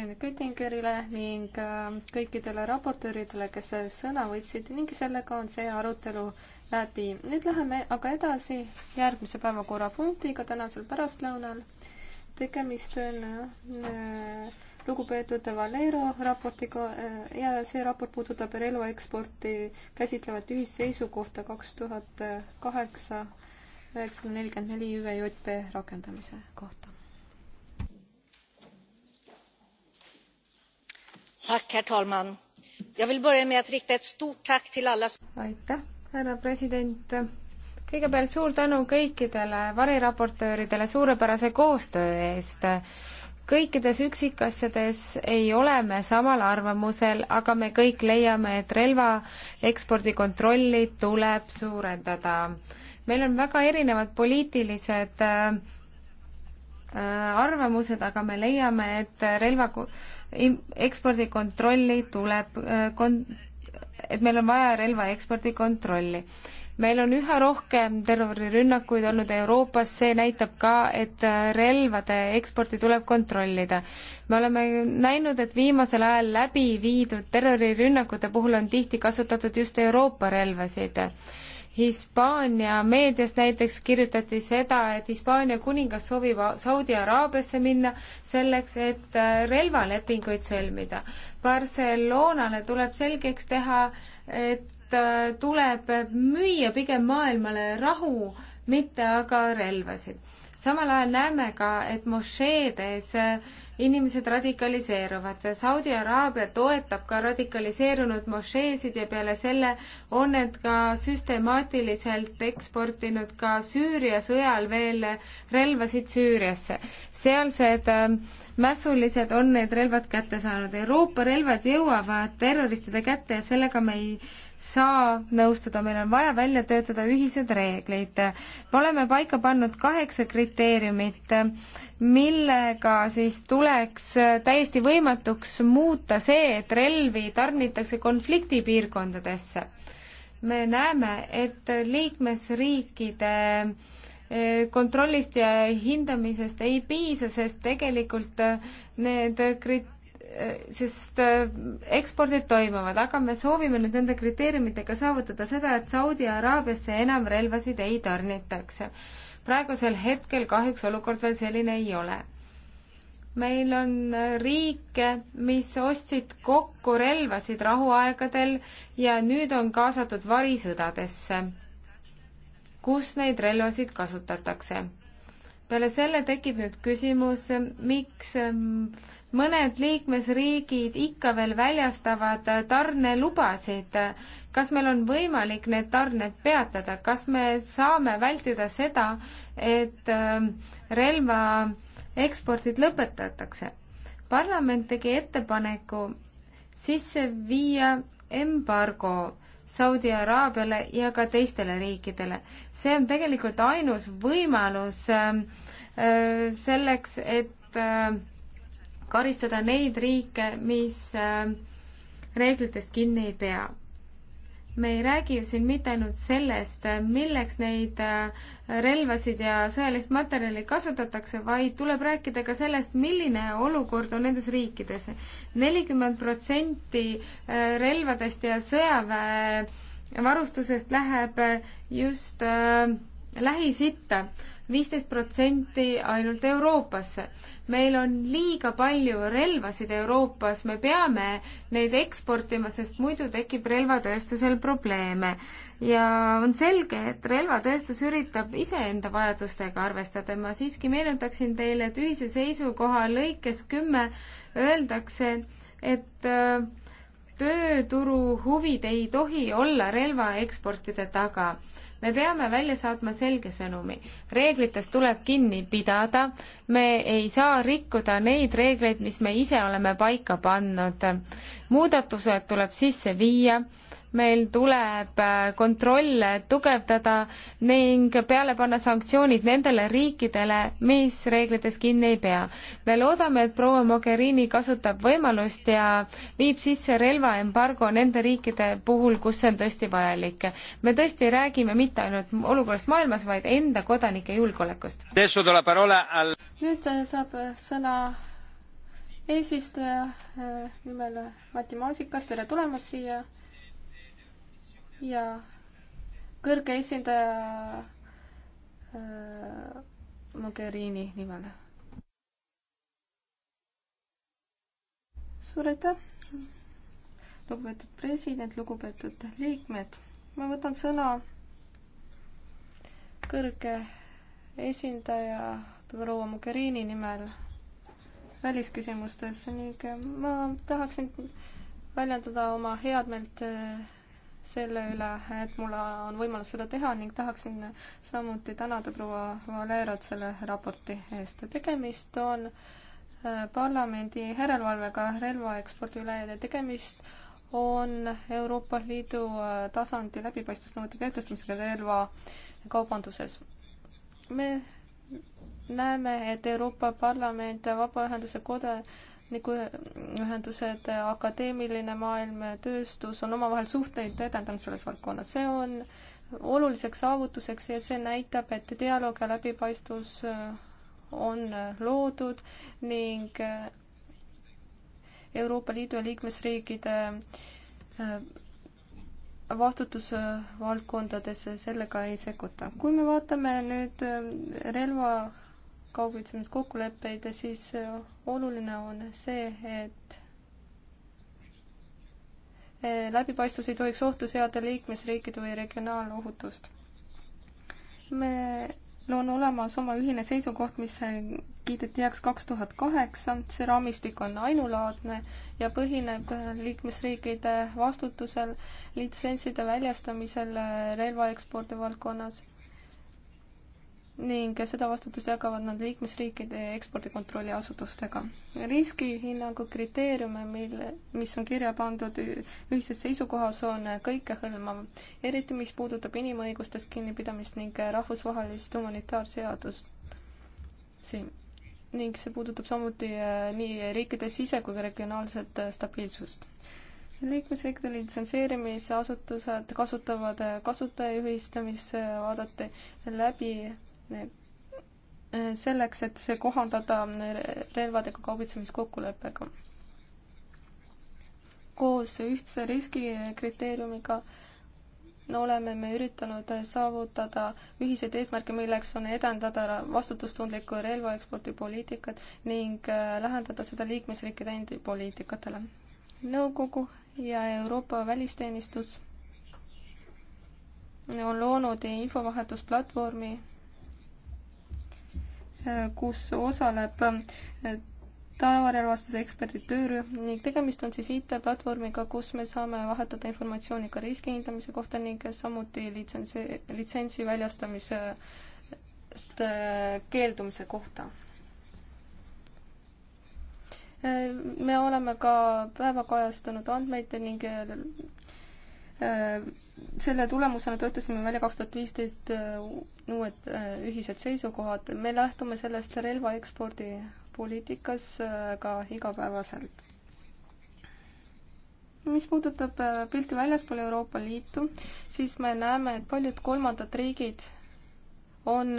volinik Oettingerile ning äh, kõikidele raportööridele, kes sõna võtsid ning sellega on see arutelu läbi. nüüd läheme aga edasi järgmise päevakorrapunktiga tänasel pärastlõunal. tegemist on äh, lugupeetud Valero raportiga äh, ja see raport puudutab relvaeksporti käsitlevat ühisseisukohta kaks tuhat kaheksa üheksasada nelikümmend neli ÜVJP rakendamise kohta herr talman! jag vill börja med att rikta ett stort tack till alla. aitäh härra president kõigepealt suur tänu kõikidele variraportööridele suurepärase koostöö eest kõikides üksikasjades ei ole me samal arvamusel, aga me kõik leiame, et relva ekspordikontrolli tuleb suurendada. meil on väga erinevad poliitilised äh, arvamused, aga me leiame, et relva ekspordikontrolli tuleb äh, kon-, et meil on vaja relva ekspordikontrolli. meil on üha rohkem terrorirünnakuid olnud Euroopas, see näitab ka, et äh, relvade eksporti tuleb kontrollida. me oleme näinud, et viimasel ajal läbi viidud terrorirünnakute puhul on tihti kasutatud just Euroopa relvasid Hispaania meedias näiteks kirjutati seda, et Hispaania kuningas soovib Saudi Araabiasse minna selleks, et äh, relvalepinguid sõlmida. Barcelonale tuleb selgeks teha, et äh, tuleb müüa pigem maailmale rahu, mitte aga relvasid. samal ajal näeme ka, et mošeedes äh, inimesed radikaliseeruvad. Saudi Araabia toetab ka radikaliseerunud mošeesid ja peale selle on need ka süstemaatiliselt eksportinud ka Süüria sõjal veel relvasid Süüriasse. sealsed ähm, mässulised on need relvad kätte saanud. Euroopa relvad jõuavad terroristide kätte ja sellega me ei saa nõustuda, meil on vaja välja töötada ühised reeglid. me oleme paika pannud kaheksa kriteeriumit, millega siis tuleks täiesti võimatuks muuta see, et relvi tarnitakse konfliktipiirkondadesse. me näeme, et liikmesriikide eh, kontrollist ja hindamisest ei piisa, sest tegelikult need krit-, sest äh, ekspordid toimuvad, aga me soovime nüüd nende kriteeriumitega saavutada seda, et Saudi Araabiasse enam relvasid ei tarnitaks. praegusel hetkel kahjuks olukord veel selline ei ole. meil on äh, riike, mis ostsid kokku relvasid rahuaegadel ja nüüd on kaasatud varisõdadesse, kus neid relvasid kasutatakse. peale selle tekib nüüd küsimus, miks ähm, mõned liikmesriigid ikka veel väljastavad tarnelubasid. kas meil on võimalik need tarned peatada, kas me saame vältida seda, et ähm, relva ekspordid lõpetatakse? parlament tegi ettepaneku sisse viia embargo Saudi Araabiale ja ka teistele riikidele. see on tegelikult ainus võimalus ähm, äh, selleks, et äh, karistada neid riike, mis äh, reeglitest kinni ei pea. me ei räägi ju siin mitte ainult sellest, äh, milleks neid äh, relvasid ja sõjalist materjali kasutatakse, vaid tuleb rääkida ka sellest, milline olukord on nendes riikides. nelikümmend protsenti relvadest ja sõjaväe varustusest läheb just Lähis-Itta viisteist protsenti ainult Euroopasse. meil on liiga palju relvasid Euroopas, me peame neid eksportima, sest muidu tekib relvatööstusel probleeme. ja on selge, et relvatööstus üritab iseenda vajadustega arvestada. ma siiski meenutaksin teile, et ühise seisukoha lõikes kümme öeldakse, et äh, tööturu huvid ei tohi olla relvaeksportide taga me peame välja saatma selge sõnumi. reeglitest tuleb kinni pidada, me ei saa rikkuda neid reegleid, mis me ise oleme paika pannud. muudatused tuleb sisse viia meil tuleb äh, kontrolle tugevdada ning peale panna sanktsioonid nendele riikidele, mis reeglitest kinni ei pea. me loodame, et proua Mogherini kasutab võimalust ja viib sisse relvaembargo nende riikide puhul, kus see on tõesti vajalik. me tõesti räägime mitte ainult olukorrast maailmas, vaid enda kodanike julgeolekust. nüüd äh, saab äh, sõna eesistuja nimel Mati Maasikas, tere tulemast siia ja kõrge esindaja äh, Mogherini nimel. suur aitäh, lugupeetud president, lugupeetud liikmed. ma võtan sõna kõrge esindaja proua Mogherini nimel välisküsimustes ning ma tahaksin väljendada oma headmeelt äh, selle üle, et mul on võimalus seda teha ning tahaksin samuti tänada proua Valerat selle raporti eest. tegemist on äh, parlamendi järelevalvega relvaekspordi üle ja tegemist on Euroopa Liidu äh, tasandi läbipaistvusnõuete kehtestamisega relvakaubanduses. me näeme, et Euroopa Parlament, Vabaühenduse Koda nagu ühendused, akadeemiline maailm, tööstus on omavahel suhteid edendanud selles valdkonnas, see on oluliseks saavutuseks ja see näitab, et dialoog ja läbipaistvus äh, on äh, loodud ning äh, Euroopa Liidu ja liikmesriigide vastutusvaldkondadesse sellega ei sekkuta. kui me vaatame nüüd relva kaubitsemiskokkuleppeid, siis äh, oluline on see, et äh, läbipaistvus ei tohiks ohtu seada liikmesriikide või regionaalohutust. meil on olemas oma ühine seisukoht, mis äh, kiideti heaks kaks tuhat kaheksa, see raamistik on ainulaadne ja põhineb liikmesriikide vastutusel litsentside väljastamisel relvaekspordi valdkonnas ning seda vastutust jagavad nad liikmesriikide ekspordikontrolli asutustega. riskihinnangu kriteeriume, mille, mis on kirja pandud ühises seisukohas, on kõikehõlmav, eriti mis puudutab inimõigustest kinnipidamist ning rahvusvahelist humanitaarseadust. siin ning see puudutab samuti äh, nii riikide sise- kui ka regionaalset äh, stabiilsust liikmesriikide litsenseerimisasutused kasutavad äh, kasutajajuhistamise vaadati läbi selleks, et see kohandada relvadega kaubitsemiskokkuleppega. koos ühtse riskikriteeriumiga no oleme me üritanud saavutada ühiseid eesmärke, milleks on edendada vastutustundlikku relvaekspordi poliitikat ning äh, lähendada seda liikmesriikide endi poliitikatele. nõukogu ja Euroopa välisteenistus on loonud infovahetusplatvormi kus osaleb eh, tavarelvastuse eksperdi töörühm ning tegemist on siis IT-platvormiga, kus me saame vahetada informatsiooni ka riski hindamise kohta ning samuti litsentsi, litsentsi väljastamisest eh, keeldumise kohta. Eh, me oleme ka päevakajastanud andmeid ning Äh, selle tulemusena töötasime välja kaks tuhat viisteist äh, uued äh, ühised seisukohad. me lähtume sellest relva ekspordi poliitikas ka igapäevaselt. mis puudutab pilti väljaspool Euroopa Liitu, siis me näeme, et paljud kolmandad riigid on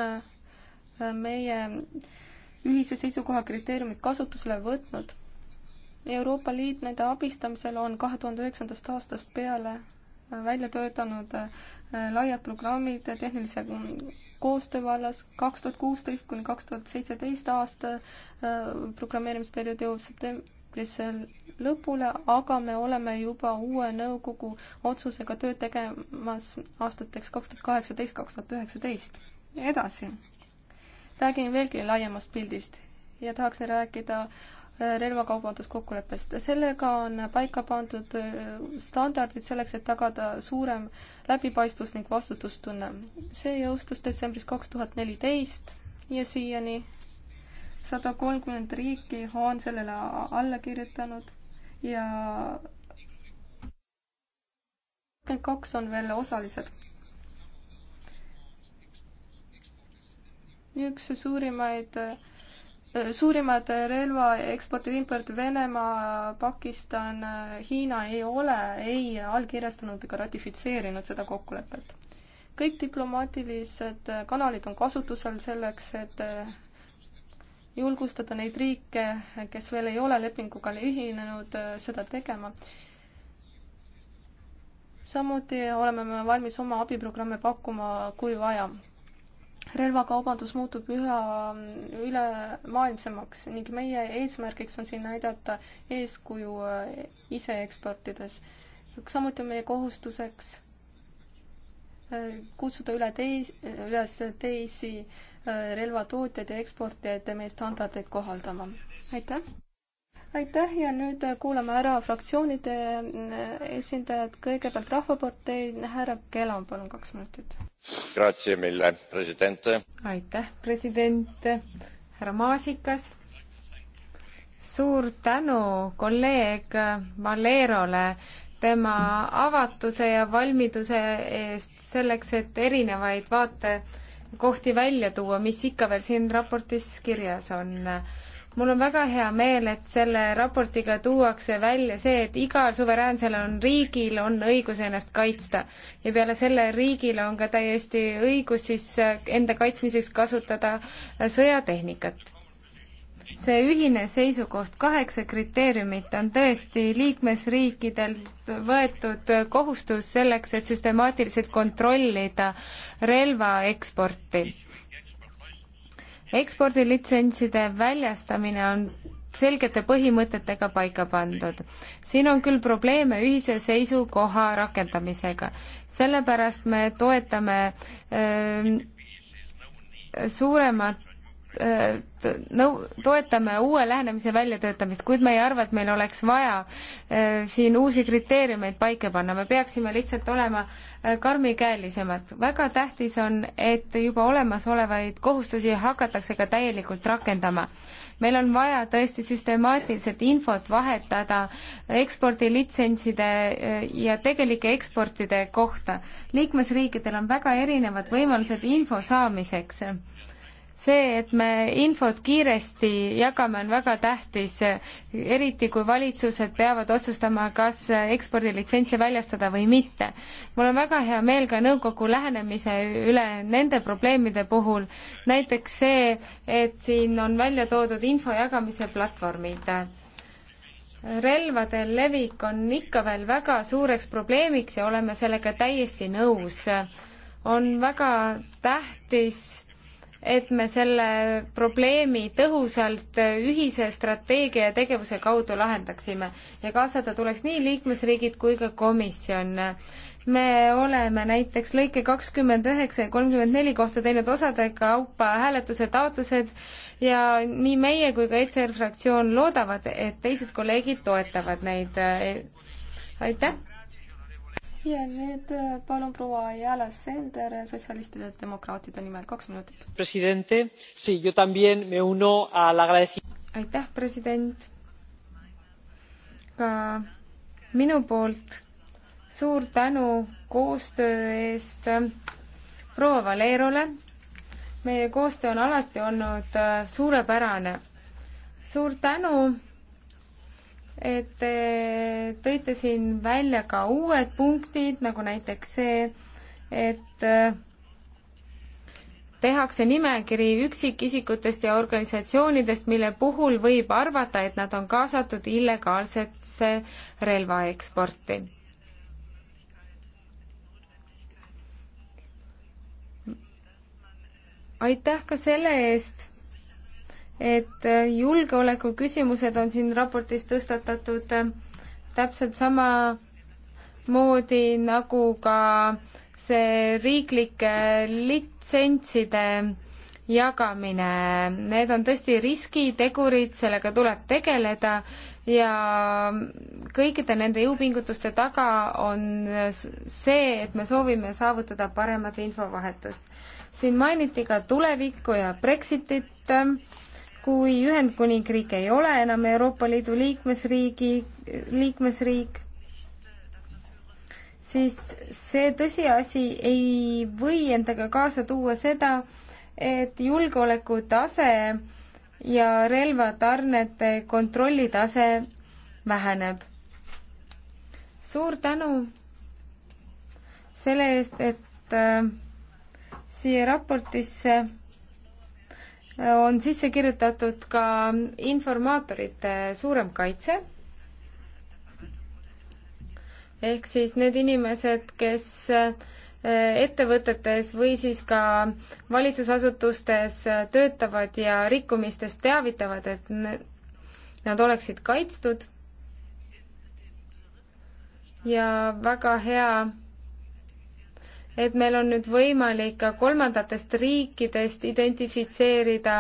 meie ühise seisukoha kriteeriumid kasutusele võtnud. Euroopa Liit nende abistamisel on kahe tuhande üheksandast aastast peale välja töötanud äh, laiad programmid tehnilise koostöö vallas kaks tuhat kuusteist kuni kaks tuhat seitseteist aasta äh, programmeerimisperiood jõuab septembrisse lõpule, aga me oleme juba uue nõukogu otsusega tööd tegemas aastateks kaks tuhat kaheksateist, kaks tuhat üheksateist. edasi räägin veelgi laiemast pildist ja tahaksin rääkida relvakaubanduskokkuleppest. sellega on paika pandud äh, standardid selleks, et tagada suurem läbipaistvus ning vastutustunne. see jõustus detsembris kaks tuhat neliteist ja siiani sada kolmkümmend riiki on sellele alla kirjutanud ja kakskümmend kaks on veel osalised üks suurimaid äh, suurimad relvaekspordi import Venemaa, Pakistan, Hiina ei ole ei allkirjastanud ega ratifitseerinud seda kokkulepet. kõik diplomaatilised kanalid on kasutusel selleks, et julgustada neid riike, kes veel ei ole lepinguga ühinenud, seda tegema. samuti oleme me valmis oma abiprogramme pakkuma, kui vaja relvakaubandus muutub üha ülemaailmsemaks ning meie eesmärgiks on siin näidata eeskuju äh, ise eksportides. samuti on meie kohustuseks äh, kutsuda üle teis, üles teisi äh, relvatootjaid ja eksportijaid meie standardeid kohaldama. aitäh! aitäh ja nüüd kuulame ära fraktsioonide esindajad, kõigepealt Rahvapartei, härra Kelam, palun kaks minutit. aitäh, president, härra Maasikas. suur tänu kolleeg Valerole tema avatuse ja valmiduse eest selleks, et erinevaid vaatekohti välja tuua, mis ikka veel siin raportis kirjas on mul on väga hea meel, et selle raportiga tuuakse välja see, et igal suveräänsel on riigil on õigus ennast kaitsta ja peale selle riigil on ka täiesti õigus siis äh, enda kaitsmiseks kasutada äh, sõjatehnikat see ühine seisukoht, kaheksa kriteeriumit on tõesti liikmesriikidelt võetud kohustus selleks, et süstemaatiliselt kontrollida relva eksporti ekspordilitsentside väljastamine on selgete põhimõtetega paika pandud. siin on küll probleeme ühise seisukoha rakendamisega, sellepärast me toetame öö, ähm, suuremat Äh, nõu-, toetame uue lähenemise väljatöötamist, kuid me ei arva, et meil oleks vaja äh, siin uusi kriteeriumeid paika panna, me peaksime lihtsalt olema äh, karmikäelisemad. väga tähtis on, et juba olemasolevaid kohustusi hakatakse ka täielikult rakendama. meil on vaja tõesti süstemaatiliselt infot vahetada ekspordilitsentside ja tegelike eksportide kohta. liikmesriikidel on väga erinevad võimalused info saamiseks see, et me infot kiiresti jagame, on väga tähtis, eriti kui valitsused peavad otsustama, kas ekspordilitsentsi väljastada või mitte. mul on väga hea meel ka nõukogu lähenemise üle nende probleemide puhul, näiteks see, et siin on välja toodud info jagamise platvormid relvade levik on ikka veel väga suureks probleemiks ja oleme sellega täiesti nõus. on väga tähtis et me selle probleemi tõhusalt ühise strateegia ja tegevuse kaudu lahendaksime ja kaasata tuleks nii liikmesriigid kui ka komisjon. me oleme näiteks lõike kakskümmend üheksa ja kolmkümmend neli kohta teinud osade kaupa hääletuse taotlused ja nii meie kui ka ECR fraktsioon loodavad, et teised kolleegid toetavad neid. aitäh! ja nüüd äh, palun proua Ayala Sender sotsialistide ja demokraatide nimel kaks minutit. aitäh, president. ka minu poolt suur tänu koostöö eest äh, proua Valerole. meie koostöö on alati olnud äh, suurepärane. suur tänu et te tõite siin välja ka uued punktid, nagu näiteks see, et äh, tehakse nimekiri üksikisikutest ja organisatsioonidest, mille puhul võib arvata, et nad on kaasatud illegaalsesse relvaeksporti. aitäh ka selle eest et äh, julgeoleku küsimused on siin raportis tõstatatud äh, täpselt samamoodi nagu ka see riiklike litsentside jagamine, need on tõesti riskitegurid, sellega tuleb tegeleda ja kõikide nende jõupingutuste taga on see, et me soovime saavutada paremat infovahetust. siin mainiti ka tulevikku ja Brexitit kui Ühendkuningriik ei ole enam Euroopa Liidu liikmesriigi, liikmesriik, siis see tõsiasi ei või endaga kaasa tuua seda, et julgeolekutase ja relvatarnete kontrollitase väheneb. suur tänu selle eest, et äh, siia raportisse on sisse kirjutatud ka informaatorite suurem kaitse ehk siis need inimesed, kes eh, ettevõtetes või siis ka valitsusasutustes töötavad ja rikkumistest teavitavad, et nad oleksid kaitstud. ja väga hea et meil on nüüd võimalik ka kolmandatest riikidest identifitseerida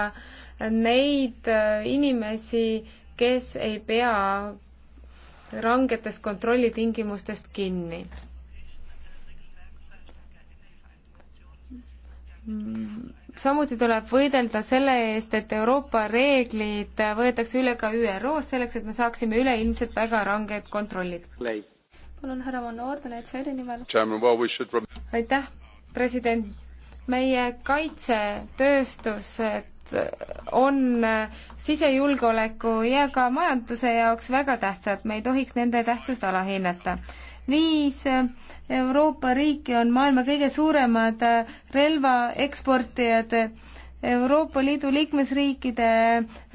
neid äh, inimesi, kes ei pea rangetest kontrollitingimustest kinni. samuti tuleb võidelda selle eest, et Euroopa reeglid võetakse üle ka ÜRO-s, selleks et me saaksime üleilmselt väga ranged kontrollid palun, härra Van Orden, ECR-i nimel. aitäh, president. meie kaitsetööstused on sisejulgeoleku ja ka majanduse jaoks väga tähtsad, me ei tohiks nende tähtsust alahinnata. viis Euroopa riiki on maailma kõige suuremad relvaeksportijad Euroopa Liidu liikmesriikide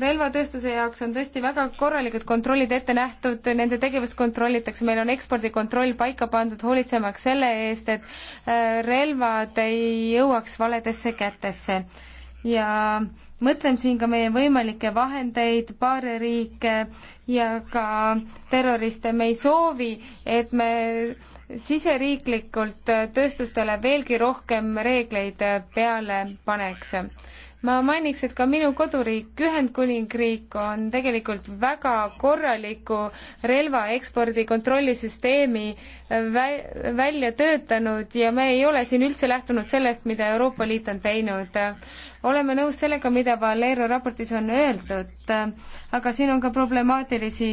relvatööstuse jaoks on tõesti väga korralikud kontrollid ette nähtud, nende tegevust kontrollitakse, meil on ekspordikontroll paika pandud, hoolitsemaks selle eest, et äh, relvad ei jõuaks valedesse kätesse ja äh, mõtlen siin ka meie võimalikke vahendeid, baaririike ja ka terroriste, me ei soovi, et me siseriiklikult tööstustele veelgi rohkem reegleid peale paneks ma mainiks, et ka minu koduriik Ühendkuningriik on tegelikult väga korraliku relvaekspordi kontrollisüsteemi vä-, välja töötanud ja me ei ole siin üldse lähtunud sellest, mida Euroopa Liit on teinud. oleme nõus sellega, mida Valero raportis on öeldud, aga siin on ka problemaatilisi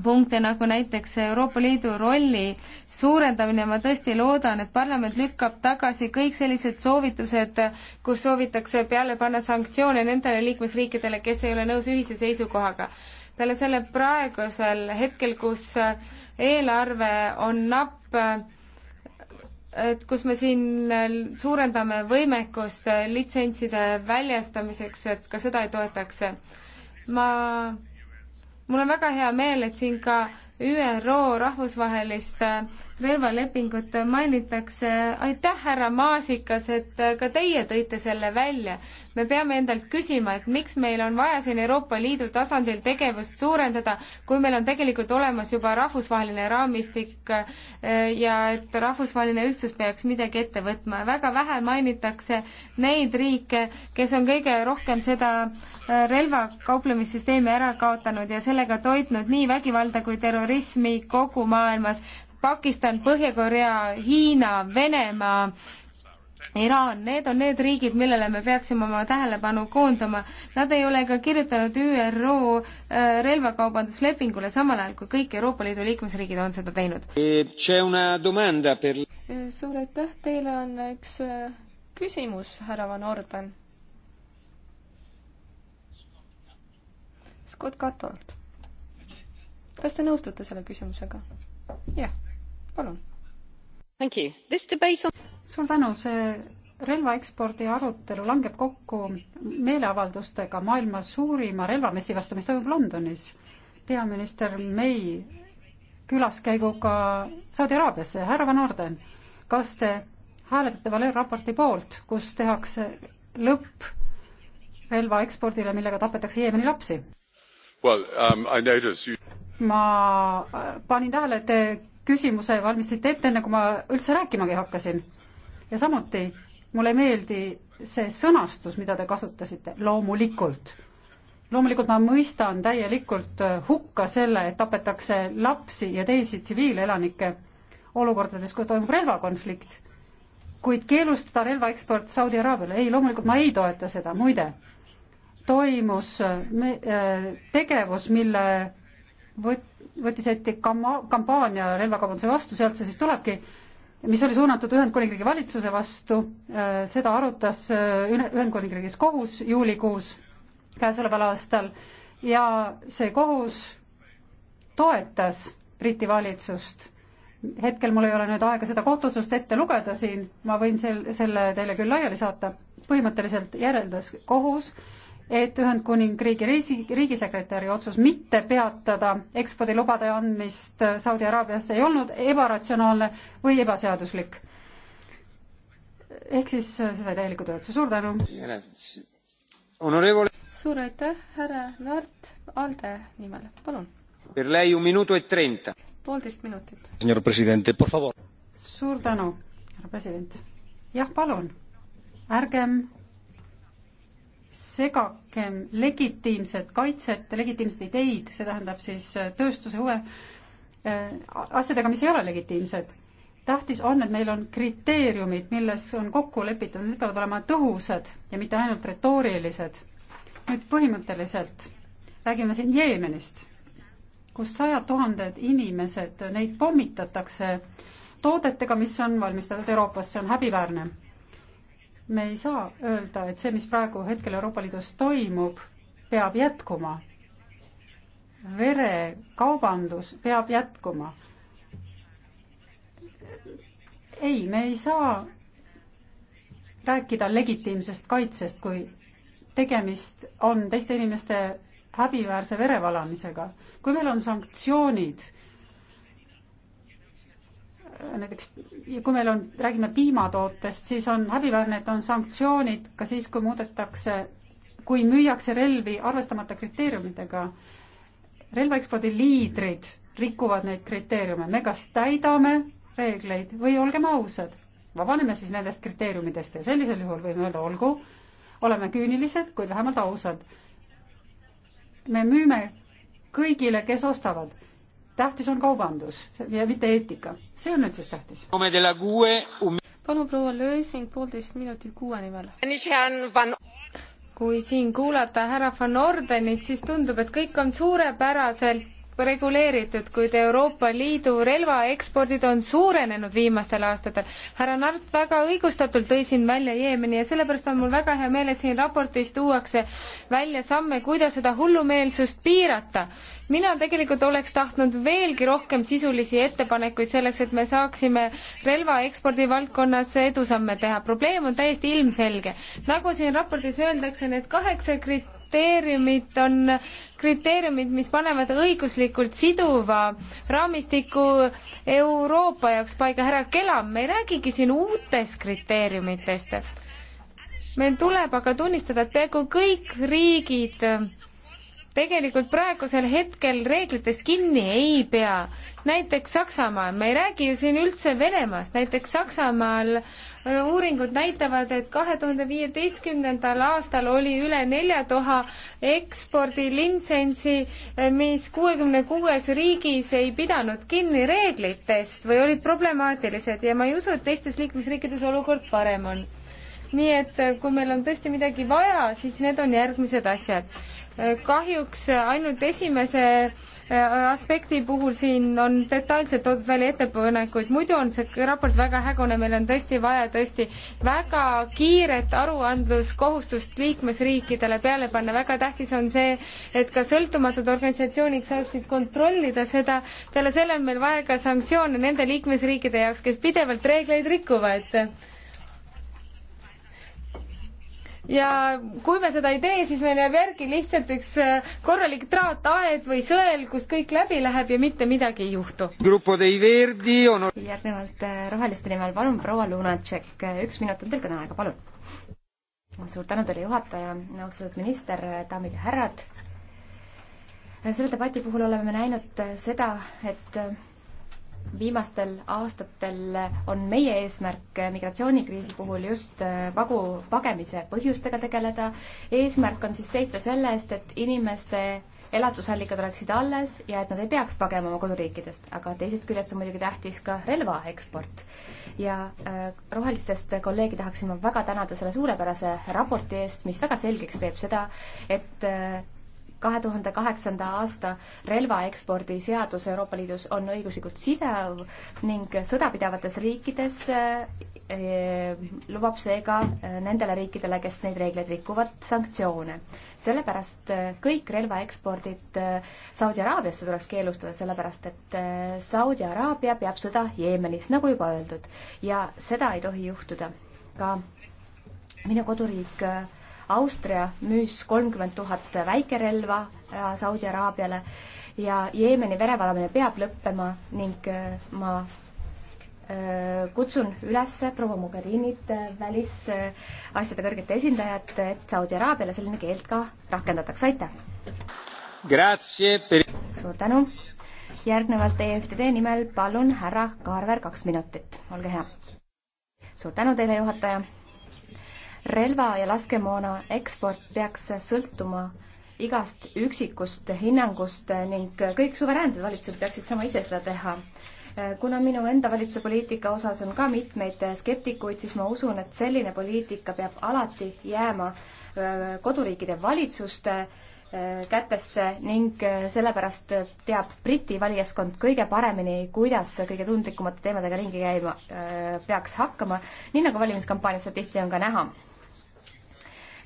punkte, nagu näiteks Euroopa Liidu rolli suurendamine, ma tõesti loodan, et parlament lükkab tagasi kõik sellised soovitused, kus soovitakse peale panna sanktsioone nendele liikmesriikidele, kes ei ole nõus ühise seisukohaga. peale selle praegusel hetkel, kus eelarve on napp, et kus me siin suurendame võimekust litsentside väljastamiseks, et ka seda ei toetaks. ma mul on väga hea meel, et siin ka ÜRO rahvusvahelist äh, relvalepingut mainitakse. aitäh, härra Maasikas, et äh, ka teie tõite selle välja. me peame endalt küsima, et miks meil on vaja siin Euroopa Liidu tasandil tegevust suurendada, kui meil on tegelikult olemas juba rahvusvaheline raamistik äh, ja et rahvusvaheline üldsus peaks midagi ette võtma. väga vähe mainitakse neid riike, kes on kõige rohkem seda relvakauplemissüsteemi ära kaotanud ja sellega toitnud nii vägivalda kui terrorismi terrorismi kogu maailmas. Pakistan, Põhja-Korea, Hiina, Venemaa, Iraan, need on need riigid, millele me peaksime oma tähelepanu koondama. Nad ei ole ka kirjutanud ÜRO äh, relvakaubanduslepingule, samal ajal kui kõik Euroopa Liidu liikmesriigid on seda teinud. E, e, suur aitäh, teile on üks äh, küsimus, härra Van Orden Scott Catolt kas te nõustute selle küsimusega? jah, palun. On... suur tänu, see relvaekspordi arutelu langeb kokku meeleavaldustega maailma suurima relvamessi vastu, mis toimub Londonis. peaminister May külaskäiguga Saudi Araabiasse, härra Van Orden, kas te hääletate Valer raporti poolt, kus tehakse lõpp relvaekspordile, millega tapetakse Jeemeni lapsi? Well, um, you... ma äh, panin tähele, et te küsimuse valmistasite ette, enne kui ma üldse rääkimagi hakkasin. ja samuti mulle ei meeldi see sõnastus, mida te kasutasite, loomulikult. loomulikult ma mõistan täielikult äh, hukka selle, et tapetakse lapsi ja teisi tsiviilelanikke olukordades, kui toimub relvakonflikt. kuid keelustada relvaeksport Saudi Araabiale, ei, loomulikult ma ei toeta seda, muide toimus äh, tegevus, mille võt-, võttis ette kama-, kampaania relvakaubanduse vastu, sealt see siis tulebki, mis oli suunatud Ühendkuningriigi valitsuse vastu, äh, seda arutas äh, Ühendkuningriigis kohus juulikuus käesoleval aastal ja see kohus toetas Briti valitsust. hetkel mul ei ole nüüd aega seda kohtuotsust ette lugeda siin, ma võin sel-, selle teile küll laiali saata, põhimõtteliselt järeldas kohus, et Ühendkuningriigi riisi, riigisekretäri otsus mitte peatada ekspordi lubade andmist Saudi Araabiasse ei olnud ebaratsionaalne või ebaseaduslik. ehk siis äh, see sai täieliku toetuse, suur tänu. suur aitäh, härra Naart, ALDE nimel, palun. E poolteist minutit. suur tänu, härra president. jah, palun, ärgem segakem legitiimset kaitset, legitiimseid ideid, see tähendab siis äh, tööstuse huve, äh, asjadega, mis ei ole legitiimsed. tähtis on, et meil on kriteeriumid, milles on kokku lepitud, need peavad olema tõhusad ja mitte ainult retoorilised. nüüd põhimõtteliselt räägime siin Jeemenist, kus sajad tuhanded inimesed, neid pommitatakse toodetega, mis on valmistatud Euroopas, see on häbiväärne me ei saa öelda, et see, mis praegu hetkel Euroopa Liidus toimub, peab jätkuma. verekaubandus peab jätkuma. ei, me ei saa rääkida legitiimsest kaitsest, kui tegemist on teiste inimeste häbiväärse verevalamisega. kui meil on sanktsioonid näiteks kui meil on, räägime piimatootest, siis on häbiväärne, et on sanktsioonid ka siis, kui muudetakse, kui müüakse relvi arvestamata kriteeriumitega. relvaekspordi liidrid rikuvad neid kriteeriume, me kas täidame reegleid või olgem ausad, vabaneme siis nendest kriteeriumidest ja sellisel juhul võime öelda, olgu, oleme küünilised, kuid vähemalt ausad. me müüme kõigile, kes ostavad tähtis on kaubandus ja mitte eetika. see on üldse tähtis. Um- palun proua Lösing, poolteist minutit kuue nimel. kui siin kuulata härra Van Ordenit, siis tundub, et kõik on suurepäraselt reguleeritud, kuid Euroopa Liidu relvaekspordid on suurenenud viimastel aastatel. härra Nart väga õigustatult tõi siin välja Jeemeni ja sellepärast on mul väga hea meel, et siin raportis tuuakse välja samme, kuidas seda hullumeelsust piirata. mina tegelikult oleks tahtnud veelgi rohkem sisulisi ettepanekuid selleks, et me saaksime relvaekspordi valdkonnas edusamme teha. probleem on täiesti ilmselge. nagu siin raportis öeldakse, need kaheksa kriteeriumi kriteeriumid on kriteeriumid, mis panevad õiguslikult siduva raamistiku Euroopa jaoks paika. härra Kelam, me ei räägigi siin uutest kriteeriumitest. meil tuleb aga tunnistada, et peaaegu kõik riigid tegelikult praegusel hetkel reeglitest kinni ei pea. näiteks Saksamaal, me ei räägi ju siin üldse Venemaast, näiteks Saksamaal äh, uuringud näitavad, et kahe tuhande viieteistkümnendal aastal oli üle nelja tuha ekspordilitsentsi, äh, mis kuuekümne kuues riigis ei pidanud kinni reeglitest või olid problemaatilised ja ma ei usu, et teistes liikmesriikides olukord parem on nii et äh, kui meil on tõesti midagi vaja, siis need on järgmised asjad kahjuks ainult esimese äh, aspekti puhul siin on detailselt toodud välja ettepanekuid, muidu on see raport väga hägune, meil on tõesti vaja tõesti väga kiiret aruandluskohustust liikmesriikidele peale panna, väga tähtis on see, et ka sõltumatud organisatsioonid saaksid kontrollida seda, peale selle on meil vaja ka sanktsioone nende liikmesriikide jaoks, kes pidevalt reegleid rikuvad ja kui me seda ei tee, siis meil jääb järgi lihtsalt üks äh, korralik traataed või sõel, kust kõik läbi läheb ja mitte midagi ei juhtu. On... järgnevalt äh, Roheliste nimel palun, proua Lunatšek, äh, üks minut on teil kõneaega, palun. suur tänu teile, juhataja, austatud minister, daamid ja härrad. selle debati puhul oleme näinud seda, et viimastel aastatel on meie eesmärk eh, migratsioonikriisi puhul just pagu, eh, pagemise põhjustega tegeleda. eesmärk on siis seista selle eest, et inimeste elatusallikad oleksid alles ja et nad ei peaks pagema oma koduriikidest, aga teisest küljest on muidugi tähtis ka relvaeksport. ja äh, rohelistest kolleegi tahaksin ma väga tänada selle suurepärase raporti eest, mis väga selgeks teeb seda, et äh, kahe tuhande kaheksanda aasta relvaekspordi seadus Euroopa Liidus on õiguslikult sidev ning sõda pidavates riikides eh, lubab seega eh, nendele riikidele, kes neid reegleid rikuvad, sanktsioone. sellepärast eh, kõik relvaekspordid Saudi Araabiasse tuleks keelustada, sellepärast et Saudi Araabia peab sõda Jeemenis, nagu juba öeldud, ja seda ei tohi juhtuda. ka minu koduriik äh, Austria müüs kolmkümmend tuhat väikerelva äh, Saudi Araabiale ja Jeemeni verevalamine peab lõppema ning äh, ma äh, kutsun üles proua Mogherinit, välisasjade kõrget esindajat, et Saudi Araabiale selline keeld ka rakendatakse, aitäh! suur tänu! järgnevalt EFTD nimel palun härra Kaarver kaks minutit, olge hea! suur tänu teile, juhataja! relva ja laskemoona eksport peaks sõltuma igast üksikust hinnangust ning kõik suveräänsed valitsused peaksid sama ise seda teha. kuna minu enda valitsuse poliitika osas on ka mitmeid skeptikuid, siis ma usun, et selline poliitika peab alati jääma koduriikide valitsuste kätesse ning sellepärast teab Briti valijaskond kõige paremini, kuidas kõige tundlikumate teemadega ringi käima peaks hakkama, nii nagu valimiskampaanias seda tihti on ka näha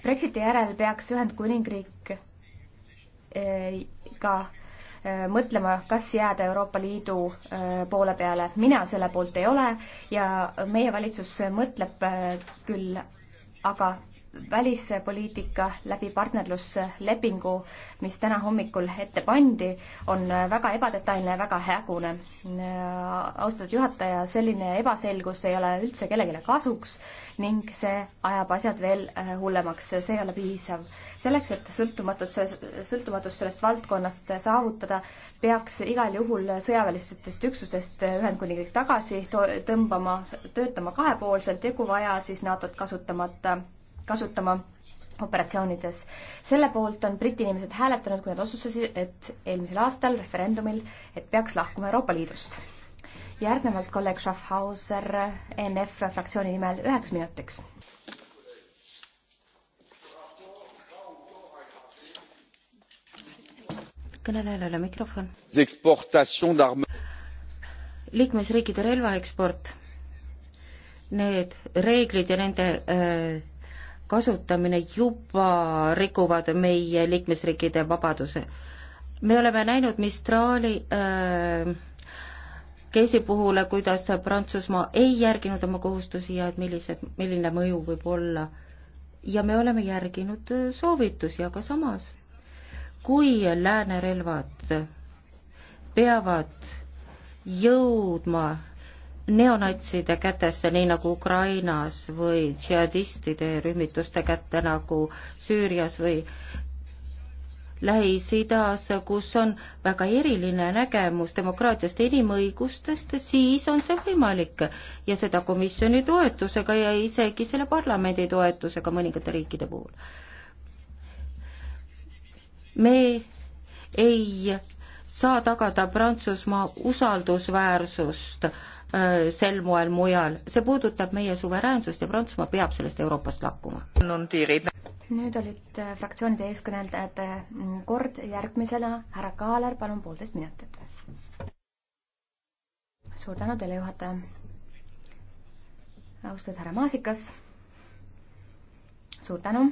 Brexiti järel peaks Ühendkuningriik eh, ka eh, mõtlema, kas jääda Euroopa Liidu eh, poole peale. mina selle poolt ei ole ja meie valitsus mõtleb küll, aga välispoliitika läbi partnerluslepingu, mis täna hommikul ette pandi, on väga ebadetailne ja väga hägune. austatud juhataja, selline ebaselgus ei ole üldse kellelegi kasuks ning see ajab asjad veel hullemaks, see ei ole piisav. selleks, et sõltumatut, sõltumatust sellest valdkonnast saavutada, peaks igal juhul sõjaväelistest üksustest Ühendkuningriik tagasi tõmbama, töötama kahepoolselt ja kui vaja, siis NATO-t kasutamata kasutama operatsioonides. selle poolt on Briti inimesed hääletanud, kui nad otsustasid, et eelmisel aastal referendumil, et peaks lahkuma Euroopa Liidust. järgnevalt kolleeg Schaffhauser ENF fraktsiooni nimel üheks minutiks. kõnelejal ei ole mikrofon. liikmesriikide relvaeksport, need reeglid ja nende öö, äh, kasutamine juba rikuvad meie liikmesriikide vabaduse. me oleme näinud Mistrali äh, keisi puhul, kuidas Prantsusmaa ei järginud oma kohustusi ja et millised, milline mõju võib olla. ja me oleme järginud äh, soovitusi, aga samas, kui läänerelvad peavad jõudma neonatside kätesse, nii nagu Ukrainas või džihadistide rühmituste kätte nagu Süürias või Lähis-Idas, kus on väga eriline nägemus demokraatiast ja inimõigustest, siis on see võimalik ja seda komisjoni toetusega ja isegi selle parlamendi toetusega mõningate riikide puhul. me ei saa tagada Prantsusmaa usaldusväärsust äh, Äh, sel moel mujal. see puudutab meie suveräänsust ja Prantsusmaa peab sellest Euroopast lakkuma. nüüd olid äh, fraktsioonide eeskõnelejate äh, kord, järgmisena härra Kaaler, palun poolteist minutit. suur tänu teile, juhataja. austatud härra Maasikas, suur tänu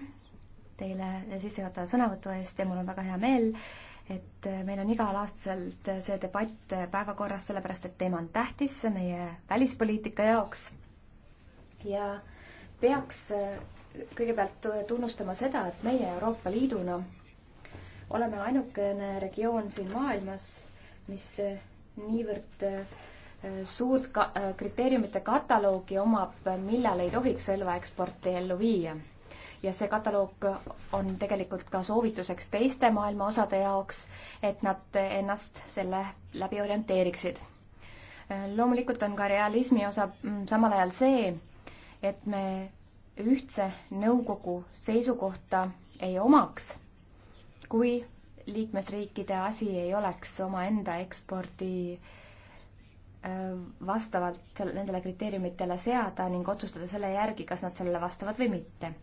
teile sissejuhatava sõnavõtu eest ja mul on väga hea meel, et meil on igal aastaselt see debatt päevakorras, sellepärast et teema on tähtis meie välispoliitika jaoks. ja peaks kõigepealt tunnustama seda, et meie Euroopa Liiduna oleme ainukene regioon siin maailmas, mis niivõrd suurt ka kriteeriumite kataloogi omab, millal ei tohiks relvaeksporti ellu viia ja see kataloog on tegelikult ka soovituseks teiste maailma osade jaoks, et nad ennast selle läbi orienteeriksid. loomulikult on ka realismi osa mm, samal ajal see, et me ühtse nõukogu seisukohta ei omaks, kui liikmesriikide asi ei oleks omaenda ekspordi äh, vastavalt nendele kriteeriumitele seada ning otsustada selle järgi, kas nad sellele vastavad või mitte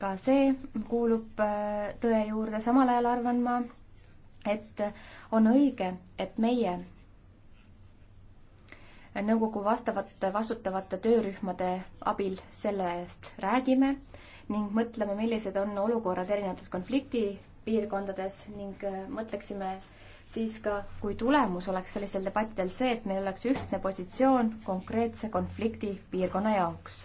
ka see kuulub äh, tõe juurde, samal ajal arvan ma, et on õige, et meie nõukogu vastavate vastutavate töörühmade abil selle eest räägime ning mõtleme, millised on olukorrad erinevates konfliktipiirkondades ning äh, mõtleksime siis ka, kui tulemus oleks sellistel debattidel see, et meil oleks ühtne positsioon konkreetse konfliktipiirkonna jaoks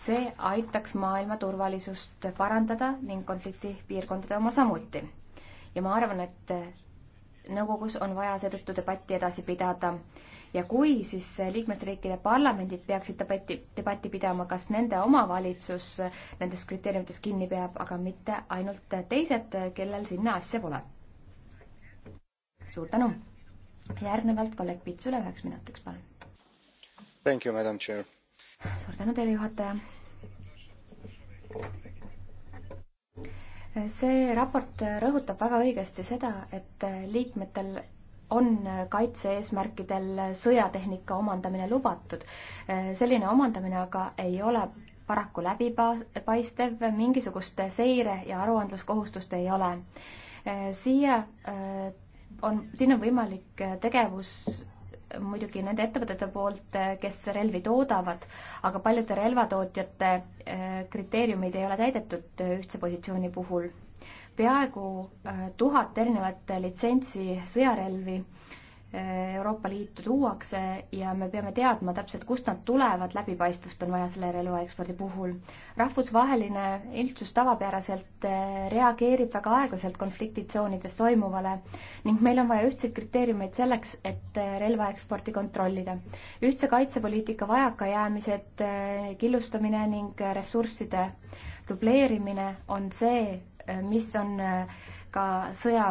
see aitaks maailma turvalisust parandada ning konfliktipiirkondade oma samuti. ja ma arvan, et nõukogus on vaja seetõttu debatti edasi pidada ja kui, siis liikmesriikide parlamendid peaksid debatti, debatti pidama, kas nende omavalitsus nendest kriteeriumitest kinni peab, aga mitte ainult teised, kellel sinna asja pole. suur tänu. järgnevalt kolleeg Pitsule üheks minutiks, palun. Thank you, madam chair suur tänu teile, juhataja. see raport rõhutab väga õigesti seda, et liikmetel on kaitse-eesmärkidel sõjatehnika omandamine lubatud. selline omandamine aga ei ole paraku läbipaistev, mingisugust seire- ja aruandluskohustust ei ole. siia äh, on, siin on võimalik tegevus muidugi nende ettevõtete poolt, eh, kes relvi toodavad, aga paljude relvatootjate eh, kriteeriumid ei ole täidetud eh, ühtse positsiooni puhul. peaaegu tuhat erinevat litsentsi sõjarelvi Euroopa Liitu tuuakse ja me peame teadma täpselt, kust nad tulevad, läbipaistvust on vaja selle relvaekspordi puhul. rahvusvaheline üldsus tavapäraselt eh, reageerib väga aeglaselt konfliktitsoonides toimuvale ning meil on vaja ühtseid kriteeriumeid selleks, et eh, relvaeksporti kontrollida. ühtse kaitsepoliitika vajakajäämised, eh, killustamine ning ressursside dubleerimine on see, mis on äh, ka sõja,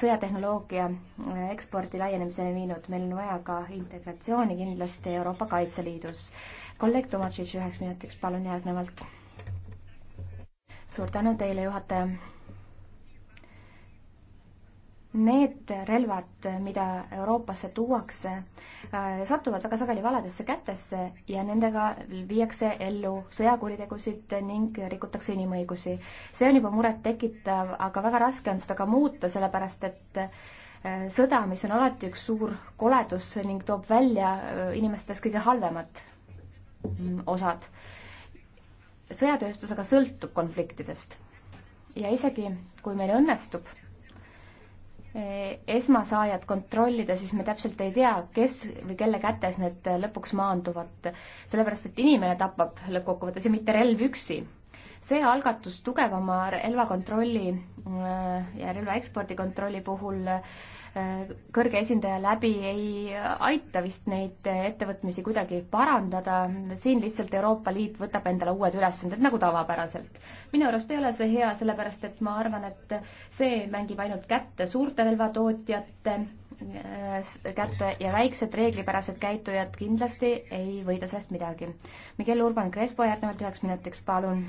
sõjatehnoloogia äh, ekspordi laienemiseni viinud, meil on vaja ka integratsiooni kindlasti Euroopa Kaitseliidus. kolleeg Tomatšitš üheks minutiks, palun järgnevalt. suur tänu teile, juhataja need relvad, mida Euroopasse tuuakse, äh, satuvad väga sageli valedesse kätesse ja nendega viiakse ellu sõjakuritegusid ning rikutakse inimõigusi. see on juba murettekitav, aga väga raske on seda ka muuta, sellepärast et äh, sõda, mis on alati üks suur koledus ning toob välja äh, inimestes kõige halvemad mm, osad. sõjatööstus aga sõltub konfliktidest. ja isegi, kui meil õnnestub esmasaajat kontrollida, siis me täpselt ei tea, kes või kelle kätes need lõpuks maanduvad. sellepärast, et inimene tapab lõppkokkuvõttes ja mitte relv üksi. see algatus tugevama relvakontrolli äh, ja relva ekspordikontrolli puhul äh, kõrge esindaja läbi ei aita vist neid ettevõtmisi kuidagi parandada, siin lihtsalt Euroopa Liit võtab endale uued ülesanded nagu tavapäraselt. minu arust ei ole see hea, sellepärast et ma arvan, et see mängib ainult kätte suurte relvatootjate äh, kätte ja väiksed reeglipärased käitujad kindlasti ei võida sellest midagi. Miguel Urban Crespo järgnevalt üheks minutiks, palun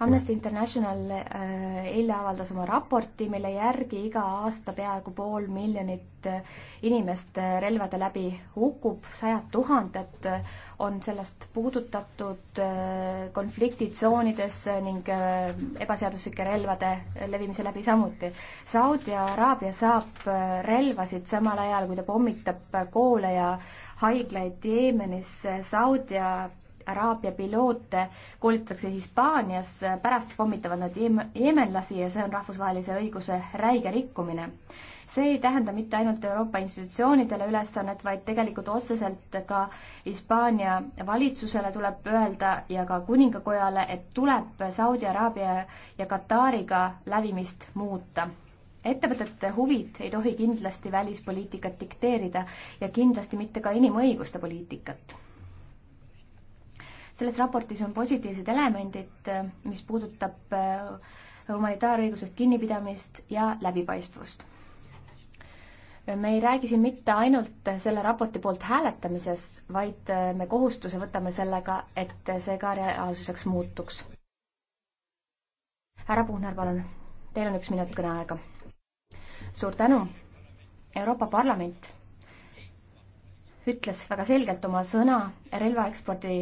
Amnesty International äh, eile avaldas oma raporti, mille järgi iga aasta peaaegu pool miljonit äh, inimest äh, relvade läbi hukkub, sajad tuhanded on sellest puudutatud konfliktitsoonides ning ebaseaduslike relvade levimise läbi samuti. Saudi Araabia saab relvasid samal ajal, kui ta pommitab koole ja haiglaid Jeemenis, Saudi Araabia piloote koolitatakse Hispaanias, pärast pommitavad nad jeemenlasi ja see on rahvusvahelise õiguse räige rikkumine. see ei tähenda mitte ainult Euroopa institutsioonidele ülesannet, vaid tegelikult otseselt ka Hispaania valitsusele tuleb öelda ja ka kuningakojale, et tuleb Saudi Araabia ja Katariga lävimist muuta ettevõtete huvid ei tohi kindlasti välispoliitikat dikteerida ja kindlasti mitte ka inimõiguste poliitikat selles raportis on positiivsed elemendid, mis puudutab äh, humanitaarõigusest kinnipidamist ja läbipaistvust. me ei räägi siin mitte ainult selle raporti poolt hääletamisest, vaid äh, me kohustuse võtame sellega, et see ka reaalsuseks muutuks. härra Puhner, palun, teil on üks minut kõneaega. suur tänu, Euroopa Parlament ütles väga selgelt oma sõna relvaekspordi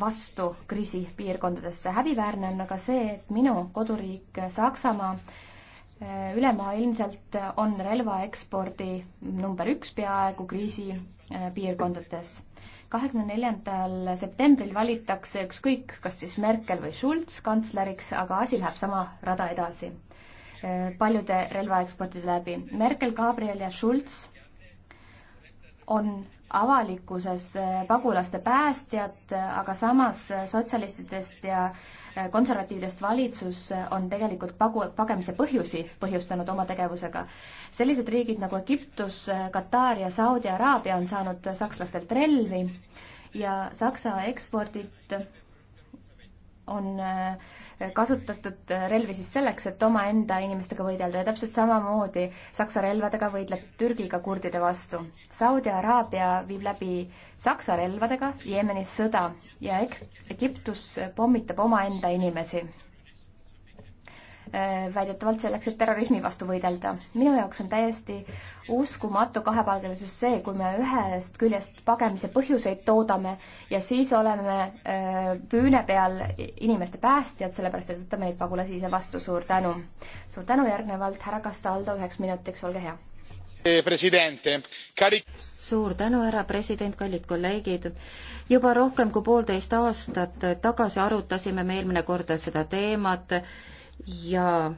vastu kriisipiirkondadesse. häbiväärne on aga see, et minu koduriik Saksamaa äh, ülemaailmselt on relvaekspordi number üks peaaegu kriisipiirkondades. kahekümne neljandal septembril valitakse ükskõik, kas siis Merkel või Schulz kantsleriks, aga asi läheb sama rada edasi äh, paljude relvaeksportide läbi. Merkel, Gabriel ja Schulz on avalikkuses eh, pagulaste päästjad, aga samas sotsialistidest ja eh, konservatiividest valitsus eh, on tegelikult pagu-, pagemise põhjusi põhjustanud oma tegevusega. sellised riigid nagu Egiptus, Katar ja Saudi Araabia on saanud sakslastelt relvi ja Saksa ekspordid on äh, kasutatud relvi siis selleks, et omaenda inimestega võidelda ja täpselt samamoodi Saksa relvadega võidleb Türgiga kurdide vastu. Saudi Araabia viib läbi Saksa relvadega Jeemenis sõda ja Egiptus pommitab omaenda inimesi Äh, väidetavalt selleks, et terrorismi vastu võidelda. minu jaoks on täiesti uskumatu kahepalgelisus see, kui me ühest küljest pagemise põhjuseid toodame ja siis oleme äh, püüne peal inimeste päästjad, sellepärast et võtame neid pagulasi ise vastu. suur tänu. suur tänu järgnevalt, härra Castaldo, üheks minutiks, olge hea. suur tänu, härra president, kallid kolleegid juba rohkem kui poolteist aastat tagasi arutasime me eelmine kord seda teemat ja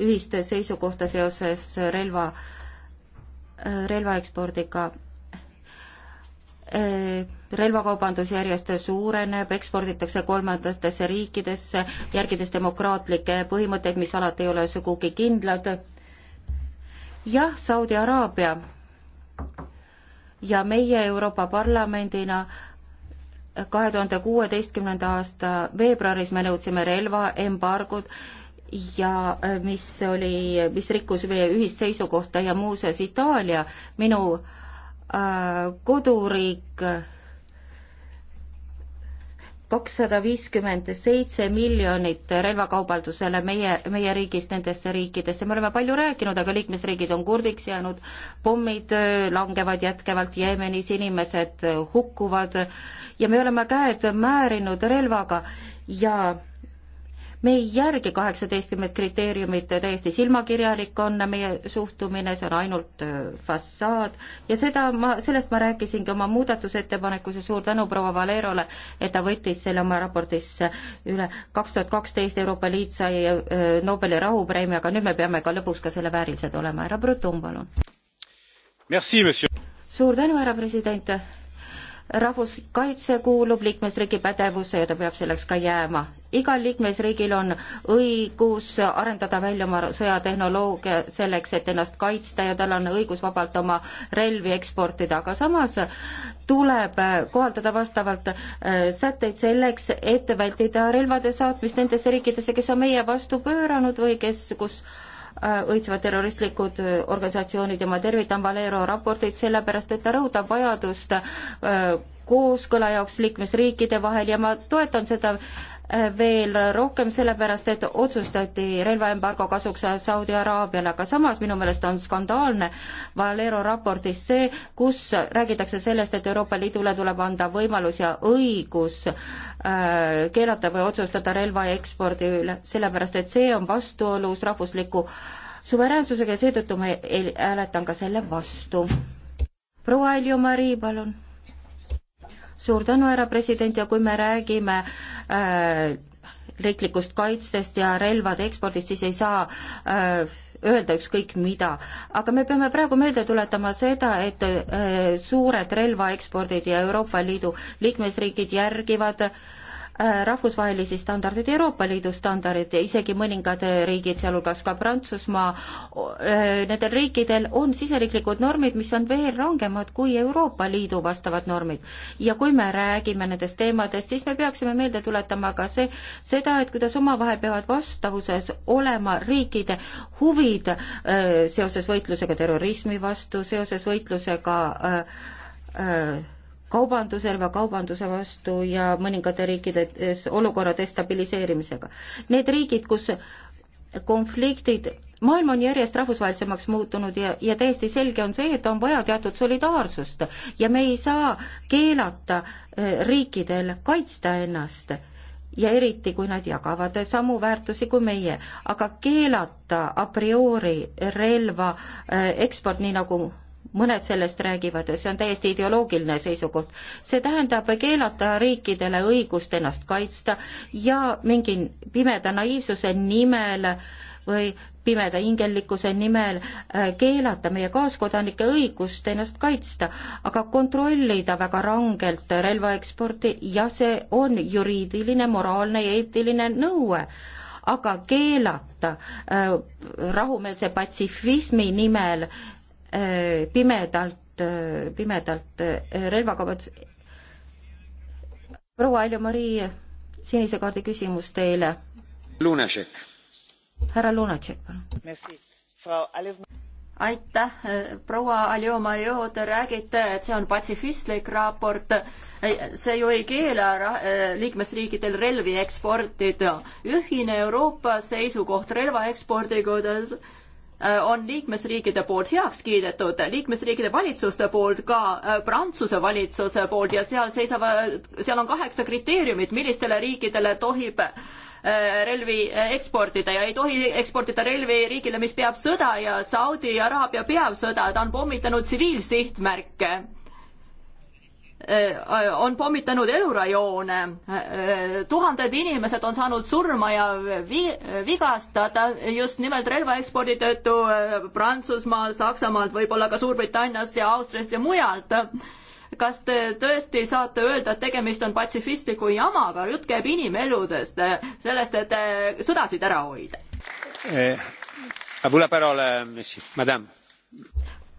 ühist seisukohta seoses relva, relvaekspordiga. Äh, relvakaubandus järjest suureneb, eksporditakse kolmandatesse riikidesse, järgides demokraatlikke põhimõtteid, mis alati ei ole sugugi kindlad. jah, Saudi Araabia ja meie Euroopa Parlamendina kahe tuhande kuueteistkümnenda aasta veebruaris me nõudsime relvaembargut ja äh, mis oli, mis rikkus meie ühist seisukohta ja muuseas Itaalia, minu äh, koduriik, kakssada viiskümmend seitse miljonit relvakaubaldusele meie, meie riigist nendesse riikidesse, me oleme palju rääkinud, aga liikmesriigid on kurdiks jäänud, pommid äh, langevad jätkuvalt Jeemenis, inimesed äh, hukkuvad ja me oleme käed määrinud relvaga ja me ei järgi kaheksateistkümmet kriteeriumit, täiesti silmakirjalik on meie suhtumine, see on ainult äh, fassaad ja seda ma, sellest ma rääkisingi oma muudatusettepanekus ja suur tänu proua Valerole, et ta võttis selle oma raportisse üle. kaks tuhat kaksteist Euroopa Liit sai äh, Nobeli rahupreemiaga, nüüd me peame ka lõpuks ka selle väärilised olema. härra Brutum, palun. suur tänu, härra president rahvuskaitse kuulub liikmesriigi pädevusse ja ta peab selleks ka jääma. igal liikmesriigil on õigus arendada välja oma sõjatehnoloogia selleks, et ennast kaitsta ja tal on õigus vabalt oma relvi eksportida, aga samas tuleb kohaldada vastavalt äh, sätteid selleks, et vältida relvade saatmist nendesse riikidesse, kes on meie vastu pööranud või kes, kus õitsevad terroristlikud äh, organisatsioonid ja ma tervitan Valero raportit sellepärast, et ta rõhutab vajadust äh, kooskõla jaoks liikmesriikide vahel ja ma toetan seda Äh, veel rohkem, sellepärast et otsustati relvaembargo kasuks Saudi Araabiale, aga samas minu meelest on skandaalne Valero raportis see, kus räägitakse sellest, et Euroopa Liidule tuleb anda võimalus ja õigus äh, keelata või otsustada relva ekspordi üle, sellepärast et see on vastuolus rahvusliku suveräänsusega ja seetõttu ma e-, hääletan ka selle vastu. proua Heljo-Marii, palun suur tänu, härra president, ja kui me räägime äh, riiklikust kaitsest ja relvade ekspordist, siis ei saa äh, öelda ükskõik mida. aga me peame praegu meelde tuletama seda, et äh, suured relvaekspordid ja Euroopa Liidu liikmesriigid järgivad äh, Äh, rahvusvahelisi standardeid, Euroopa Liidu standardeid ja isegi mõningad äh, riigid, sealhulgas ka Prantsusmaa, äh, nendel riikidel on siseriiklikud normid, mis on veel rangemad kui Euroopa Liidu vastavad normid. ja kui me räägime nendest teemadest, siis me peaksime meelde tuletama ka see, seda, et kuidas omavahel peavad vastavuses olema riikide huvid seoses võitlusega terrorismi vastu, seoses võitlusega öö, öö, kaubandusel või kaubanduse vastu ja mõningate riikide olukorra destabiliseerimisega. Need riigid, kus konfliktid maailm on järjest rahvusvahelisemaks muutunud ja, ja täiesti selge on see, et on vaja teatud solidaarsust ja me ei saa keelata e, riikidel kaitsta ennast ja eriti, kui nad jagavad samu väärtusi kui meie, aga keelata a priori relva e, eksport, nii nagu mõned sellest räägivad, see on täiesti ideoloogiline seisukoht. see tähendab keelata riikidele õigust ennast kaitsta ja mingi pimeda naiivsuse nimel või pimeda hingellikkuse nimel äh, keelata meie kaaskodanike õigust ennast kaitsta, aga kontrollida väga rangelt relvaeksporti ja see on juriidiline, moraalne ja eetiline nõue aga keelata äh, rahumeelse patsifismi nimel Äh, pimedalt, äh, pimedalt äh, relvakaubandus. proua Aljo-Marii, sinise kaardi küsimus teile. Lunacek. härra Lunacek, palun. aitäh, proua Aljo-Mario, te räägite, et see on patsifistlik raport. see ju ei keela liikmesriikidel relvi eksportida. ühine Euroopa seisukoht relva ekspordi kohta Äh, on liikmesriikide poolt heaks kiidetud, liikmesriikide valitsuste poolt, ka äh, Prantsuse valitsuse poolt ja seal seisavad, seal on kaheksa kriteeriumit, millistele riikidele tohib äh, relvi eksportida ja ei tohi eksportida relvi riigile, mis peab sõda ja Saudi Araabia peab sõda, ta on pommitanud tsiviilsihtmärke Äh, on pommitanud eurajoone. Äh, tuhanded inimesed on saanud surma ja vi-, vigastada just nimelt relvaekspordi tõttu äh, Prantsusmaal, Saksamaalt, võib-olla ka Suurbritanniast ja Austriast ja mujalt. kas te tõesti saate öelda, et tegemist on patsifistliku jamaga, jutt käib inimeludest, sellest, et sõdasid ära hoida eh,?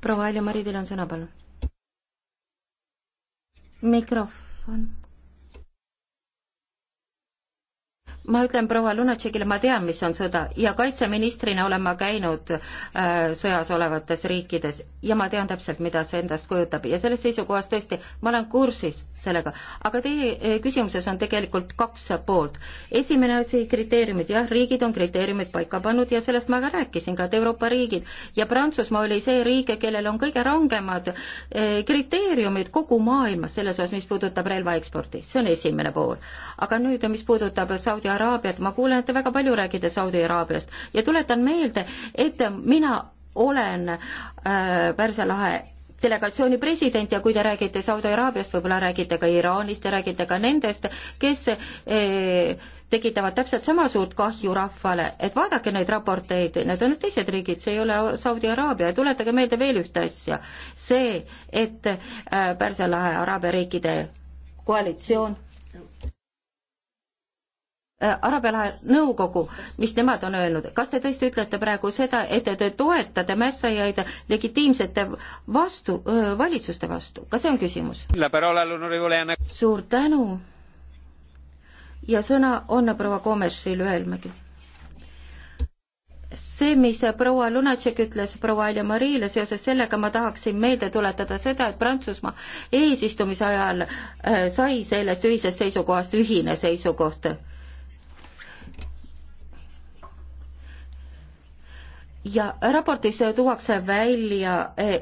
proua Alja-Mari, teil on sõna, palun mikrofon ma ütlen proua Lunatšekile, ma tean, mis on sõda ja kaitseministrina olen ma käinud äh, sõjas olevates riikides ja ma tean täpselt, mida see endast kujutab ja selles seisukohas tõesti, ma olen kursis sellega. aga teie äh, küsimuses on tegelikult kaks poolt. esimene asi, kriteeriumid, jah, riigid on kriteeriumid paika pannud ja sellest ma ka rääkisin, ka et Euroopa riigid ja Prantsusmaa oli see riik, kellel on kõige rangemad äh, kriteeriumid kogu maailmas selles osas, mis puudutab relva eksporti, see on esimene pool. aga nüüd, mis puudutab Saudi Araabiat, ma kuulen, et te väga palju räägite Saudi Araabiast ja tuletan meelde, et mina olen äh, Pärsia lahe delegatsiooni president ja kui te räägite Saudi Araabiast, võib-olla räägite ka Iraanist ja räägite ka nendest, kes äh, tekitavad täpselt sama suurt kahju rahvale, et vaadake neid raporteid, need on teised riigid, see ei ole Saudi Araabia ja tuletage meelde veel ühte asja, see, et äh, Pärsia lahe Araabia riikide koalitsioon Äh, Araabia lahe nõukogu, mis nemad on öelnud, kas te tõesti ütlete praegu seda, et te toetate mässajaid legitiimsete vastu, äh, valitsuste vastu, ka see on küsimus? suur tänu ja sõna on proua Komesil ühelmägi. see, mis proua Lunatšek ütles proua Alja Mariile, seoses sellega ma tahaksin meelde tuletada seda, et Prantsusmaa eesistumise ajal äh, sai sellest ühisest seisukohast ühine seisukoht ja raportis tuuakse välja e,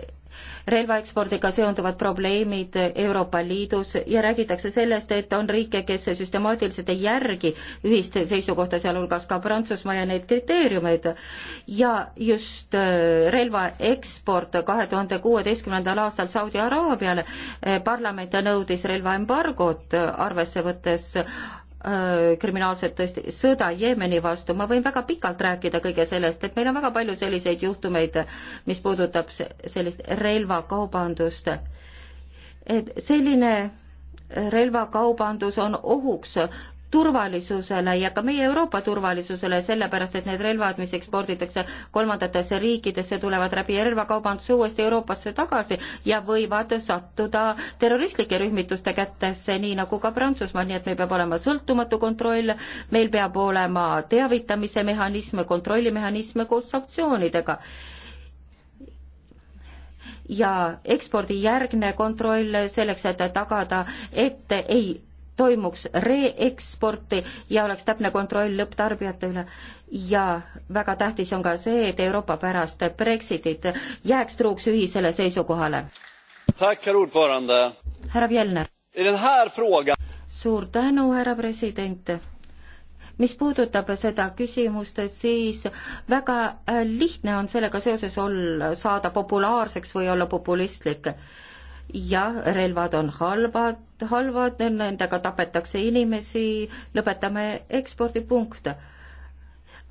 relvaekspordiga seonduvad probleemid Euroopa Liidus ja räägitakse sellest, et on riike, kes süstemaatiliselt ei järgi ühist seisukohta, sealhulgas ka Prantsusmaa ja neid kriteeriumeid. ja just e, relvaeksport kahe tuhande kuueteistkümnendal aastal Saudi Araabiale, e, parlament nõudis relvaembargot arvesse võttes, Äh, kriminaalset tõesti sõda Jeemeni vastu, ma võin väga pikalt rääkida kõige sellest, et meil on väga palju selliseid juhtumeid, mis puudutab sellist relvakaubandust. et selline relvakaubandus on ohuks turvalisusele ja ka meie Euroopa turvalisusele, sellepärast et need relvad, mis eksporditakse kolmandatesse riikidesse, tulevad läbi relvakaubanduse uuesti Euroopasse tagasi ja võivad sattuda terroristlike rühmituste kätesse, nii nagu ka Prantsusmaal, nii et meil peab olema sõltumatu kontroll, meil peab olema teavitamise mehhanism, kontrollimehhanism koos sanktsioonidega ja ekspordijärgne kontroll selleks, et tagada, et ei toimuks reeksporti ja oleks täpne kontroll lõpptarbijate üle. ja väga tähtis on ka see, et Euroopa pärast Brexitit jääks truuks ühisele seisukohale. härra Fjellner. suur tänu, härra president mis puudutab seda küsimust, siis väga äh, lihtne on sellega seoses olla, saada populaarseks või olla populistlik jah, relvad on halvad, halvad, nendega tapetakse inimesi, lõpetame ekspordipunkt.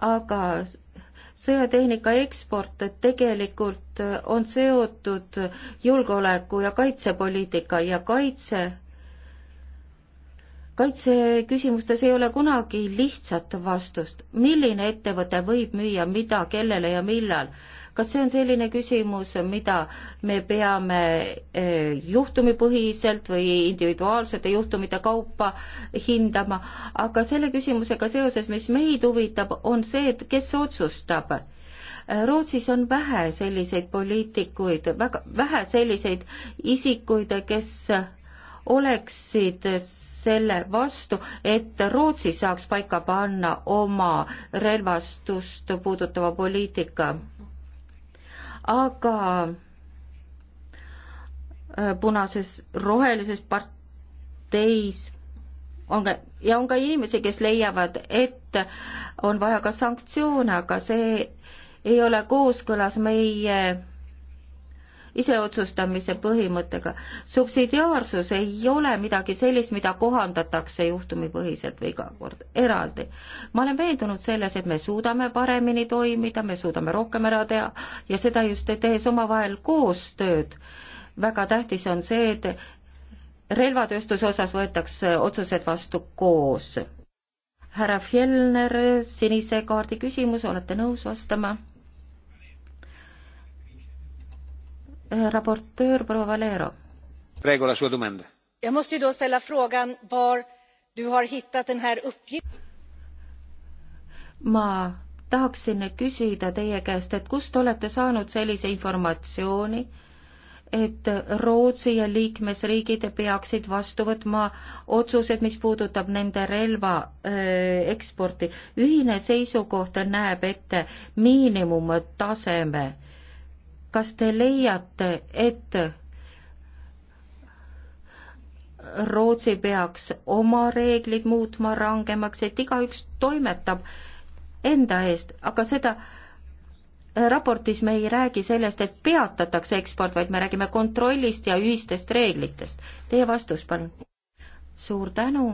aga sõjatehnika eksport tegelikult on seotud julgeoleku ja kaitsepoliitika ja kaitse, kaitseküsimustes ei ole kunagi lihtsat vastust, milline ettevõte võib müüa mida, kellele ja millal kas see on selline küsimus, mida me peame eh, juhtumipõhiselt või individuaalsete juhtumite kaupa hindama, aga selle küsimusega seoses, mis meid huvitab, on see, et kes otsustab Rootsis on vähe selliseid poliitikuid, väga vähe selliseid isikuid, kes oleksid selle vastu, et Rootsi saaks paika panna oma relvastust puudutava poliitika aga äh, punases, rohelises parteis on ka, ja on ka inimesi, kes leiavad, et on vaja ka sanktsioone, aga see ei ole kooskõlas meie iseotsustamise põhimõttega. subsidiaarsus ei ole midagi sellist, mida kohandatakse juhtumipõhiselt või iga kord eraldi. ma olen veendunud selles, et me suudame paremini toimida, me suudame rohkem ära teha ja seda just tehes omavahel koostööd. väga tähtis on see, et relvatööstuse osas võetakse otsused vastu koos. härra Fjellner, sinise kaardi küsimus, olete nõus vastama? raportöör proua Valero. Jag måste ju då ställa frågan var du har hittat den här uppgiften. ma tahaksin küsida teie käest, et kust olete saanud sellise informatsiooni, et Rootsi ja liikmesriigid peaksid vastu võtma otsused, mis puudutab nende relva öö, äh, eksporti. ühine seisukoht näeb ette miinimumtaseme kas te leiate, et Rootsi peaks oma reeglid muutma rangemaks, et igaüks toimetab enda eest, aga seda raportis me ei räägi sellest, et peatatakse eksport, vaid me räägime kontrollist ja ühistest reeglitest. Teie vastus, palun. suur tänu.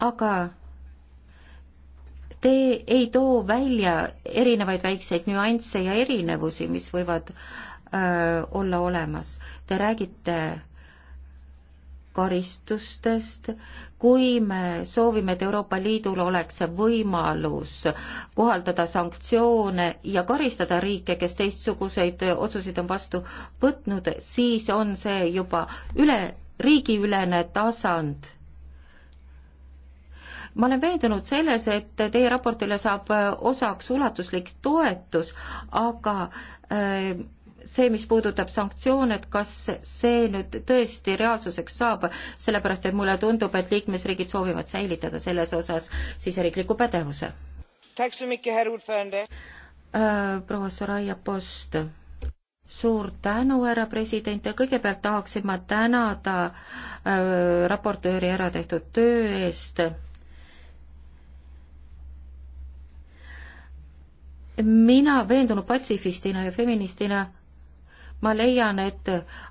aga te ei too välja erinevaid väikseid nüansse ja erinevusi, mis võivad öö, olla olemas. Te räägite karistustest, kui me soovime, et Euroopa Liidul oleks võimalus kohaldada sanktsioone ja karistada riike, kes teistsuguseid otsuseid on vastu võtnud, siis on see juba üle, riigiülene tasand ma olen veendunud selles, et teie raportile saab äh, osaks ulatuslik toetus, aga äh, see, mis puudutab sanktsioone, et kas see nüüd tõesti reaalsuseks saab, sellepärast et mulle tundub, et liikmesriigid soovivad säilitada selles osas siseriikliku pädevuse. Äh, proua Soraya Post suur tänu, härra president, ja kõigepealt tahaksin ma tänada äh, raportööri ära tehtud töö eest äh,. mina veendunud patsifistina ja feministina ma leian, et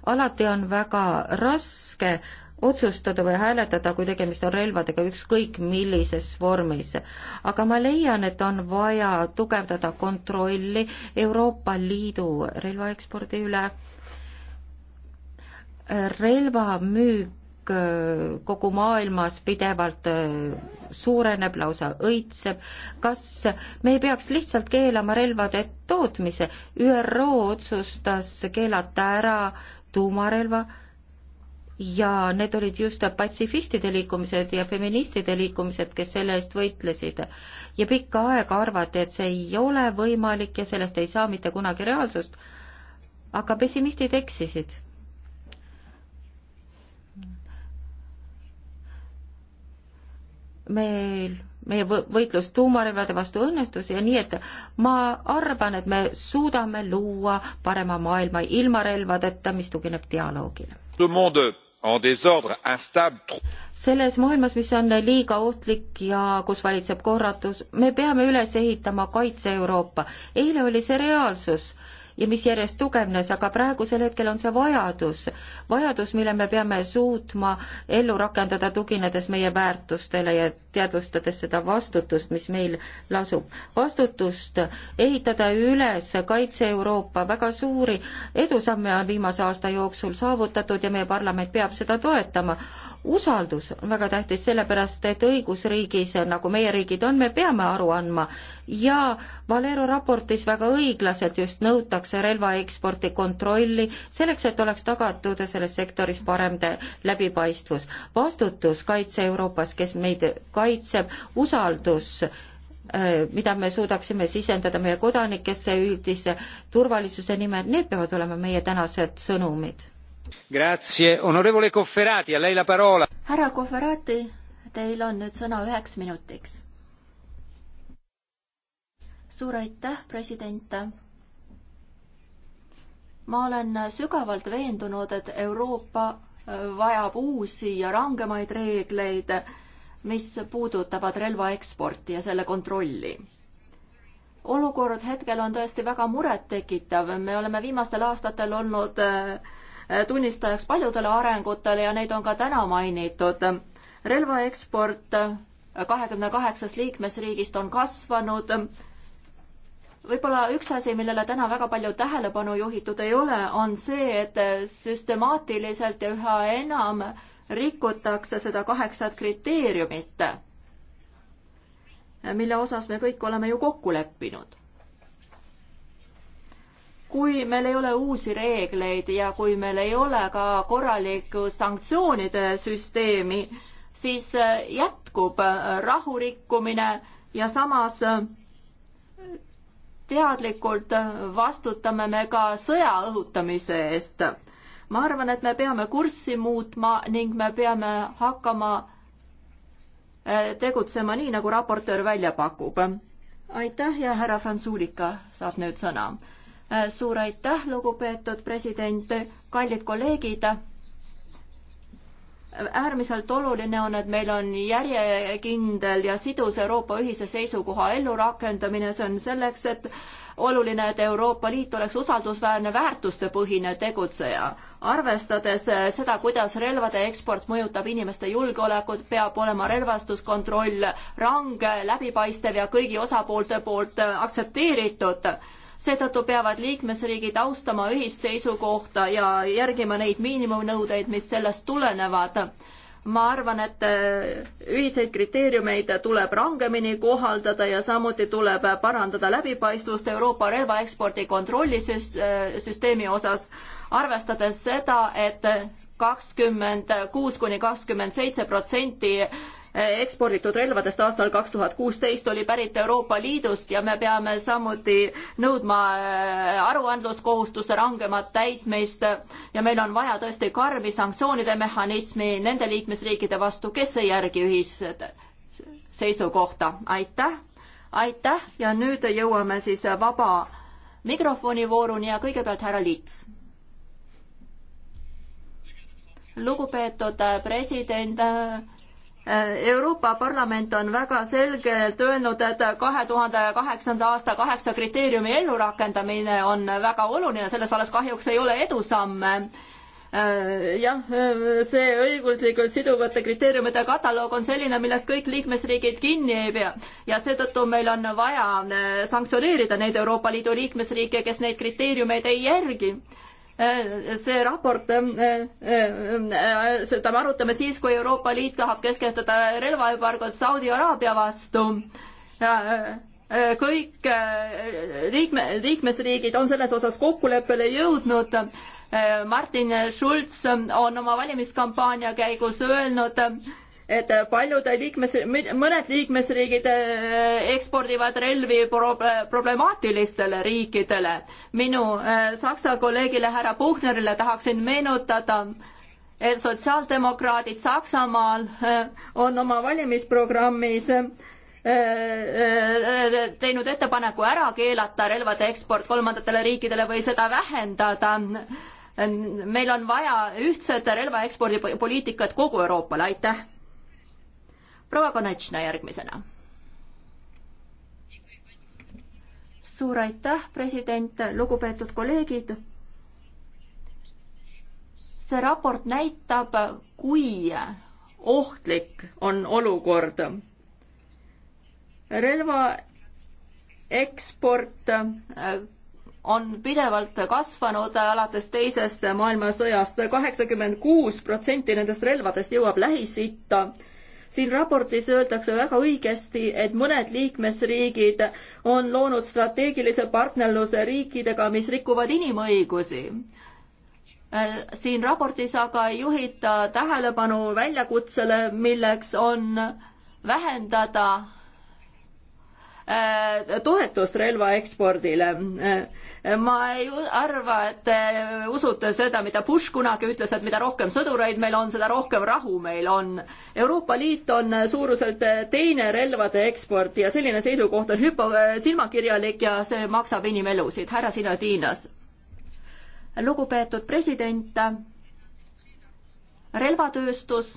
alati on väga raske otsustada või hääletada, kui tegemist on relvadega ükskõik millises vormis. aga ma leian, et on vaja tugevdada kontrolli Euroopa Liidu relvaekspordi üle. relvamüük kogu maailmas pidevalt äh, suureneb, lausa õitseb. kas me ei peaks lihtsalt keelama relvade tootmise? ÜRO otsustas keelata ära tuumarelva ja need olid just patsifistide liikumised ja feministide liikumised, kes selle eest võitlesid. ja pikka aega arvati, et see ei ole võimalik ja sellest ei saa mitte kunagi reaalsust. aga pessimistid eksisid meil, meie võitlus tuumarelvade vastu õnnestus ja nii, et ma arvan, et me suudame luua parema maailma ilma relvadeta, mis tugineb dialoogile. selles maailmas, mis on liiga ohtlik ja kus valitseb korratus, me peame üles ehitama kaitse Euroopa. eile oli see reaalsus ja mis järjest tugevnes, aga praegusel hetkel on see vajadus, vajadus, mille me peame suutma ellu rakendada, tuginedes meie väärtustele ja teadvustades seda vastutust, mis meil lasub. vastutust ehitada üles kaitse Euroopa, väga suuri edusamme on viimase aasta jooksul saavutatud ja meie parlament peab seda toetama, usaldus on väga tähtis, sellepärast et õigusriigis, nagu meie riigid on, me peame aru andma ja Valero raportis väga õiglaselt just nõutakse relvaeksporti kontrolli, selleks et oleks tagatud selles sektoris parem läbipaistvus. vastutus kaitse Euroopas, kes meid kaitseb, usaldus äh, mida me suudaksime sisendada meie kodanikesse üldise turvalisuse nimel, need peavad olema meie tänased sõnumid härra Cofferati, teil on nüüd sõna üheks minutiks. suur aitäh, president. ma olen sügavalt veendunud, et Euroopa äh, vajab uusi ja rangemaid reegleid, mis puudutavad relvaeksporti ja selle kontrolli olukord hetkel on tõesti väga murettekitav, me oleme viimastel aastatel olnud äh, tunnistajaks paljudele arengutele ja neid on ka täna mainitud. relvaeksport kahekümne kaheksast liikmesriigist on kasvanud. võib-olla üks asi, millele täna väga palju tähelepanu juhitud ei ole, on see, et süstemaatiliselt ja üha enam rikutakse seda kaheksat kriteeriumit, mille osas me kõik oleme ju kokku leppinud kui meil ei ole uusi reegleid ja kui meil ei ole ka korralikku sanktsioonide süsteemi, siis äh, jätkub äh, rahurikkumine ja samas äh, teadlikult vastutame me ka sõja õhutamise eest. ma arvan, et me peame kurssi muutma ning me peame hakkama tegutsema nii, nagu raportöör välja pakub. aitäh ja härra Fransulika saab nüüd sõna Äh, suur aitäh, lugupeetud president, kallid kolleegid. äärmiselt oluline on, et meil on järjekindel ja sidus Euroopa ühise seisukoha ellurakendamine, see on selleks, et oluline, et Euroopa Liit oleks usaldusväärne väärtustepõhine tegutseja. arvestades seda, kuidas relvade eksport mõjutab inimeste julgeolekut, peab olema relvastuskontroll range, läbipaistev ja kõigi osapoolte poolt aktsepteeritud seetõttu peavad liikmesriigid austama ühist seisukohta ja järgima neid miinimumnõudeid, mis sellest tulenevad. ma arvan, et äh, ühiseid kriteeriumeid tuleb rangemini kohaldada ja samuti tuleb parandada läbipaistvust Euroopa relvaekspordi kontrollisüsteemi äh, osas, arvestades seda, et kakskümmend kuus kuni kakskümmend seitse protsenti eksporditud relvadest aastal kaks tuhat kuusteist oli pärit Euroopa Liidust ja me peame samuti nõudma äh, aruandluskohustuste rangemat täitmist ja meil on vaja tõesti karmi sanktsioonide mehhanismi nende liikmesriikide vastu, kes ei järgi ühist seisukohta. aitäh, aitäh ja nüüd jõuame siis vaba mikrofoni vooruni ja kõigepealt härra Liits lugupeetud president, Euroopa Parlament on väga selgelt öelnud, et kahe tuhande kaheksanda aasta kaheksa kriteeriumi ellurakendamine on väga oluline, selles vallas kahjuks ei ole edusamme äh, jah, see õiguslikult siduvate kriteeriumide kataloog on selline, millest kõik liikmesriigid kinni ei pea ja seetõttu meil on vaja äh, sanktsioneerida neid Euroopa Liidu liikmesriike, kes neid kriteeriumeid ei järgi Eh, see raport, eh, eh, seda me arutame siis, kui Euroopa Liit tahab keskenduda relvaembargot Saudi Araabia vastu. kõik liikme, liikmesriigid on selles osas kokkuleppele jõudnud. Martin Schulz on oma valimiskampaania käigus öelnud, et paljud liikmes, mõned liikmesriigid äh, ekspordivad relvi pro, problemaatilistele riikidele. minu äh, saksa kolleegile härra Puhnerile tahaksin meenutada, et sotsiaaldemokraadid Saksamaal äh, on oma valimisprogrammis teinud ettepaneku ära keelata relvade eksport kolmandatele riikidele või seda vähendada. meil on vaja ühtset relvaekspordipoliitikat kogu Euroopale, aitäh proua Konechna järgmisena. suur aitäh, president, lugupeetud kolleegid. see raport näitab, kui ohtlik on olukord. relva eksport äh, on pidevalt kasvanud alates teisest maailmasõjast. kaheksakümmend kuus protsenti nendest relvadest jõuab Lähis-Itta siin raportis öeldakse väga õigesti, et mõned liikmesriigid on loonud strateegilise partnerluse riikidega, mis rikuvad inimõigusi äh, siin raportis aga ei juhita tähelepanu väljakutsele, milleks on vähendada Äh, toetust relva ekspordile. Äh, ma ei arva, et te usute seda, mida Bush kunagi ütles, et mida rohkem sõdureid meil on, seda rohkem rahu meil on. Euroopa Liit on suuruselt teine relvade eksport ja selline seisukoht on hüpo-, äh, silmakirjalik ja see maksab inimelusid. härra Sinadinas. lugupeetud president, relvatööstus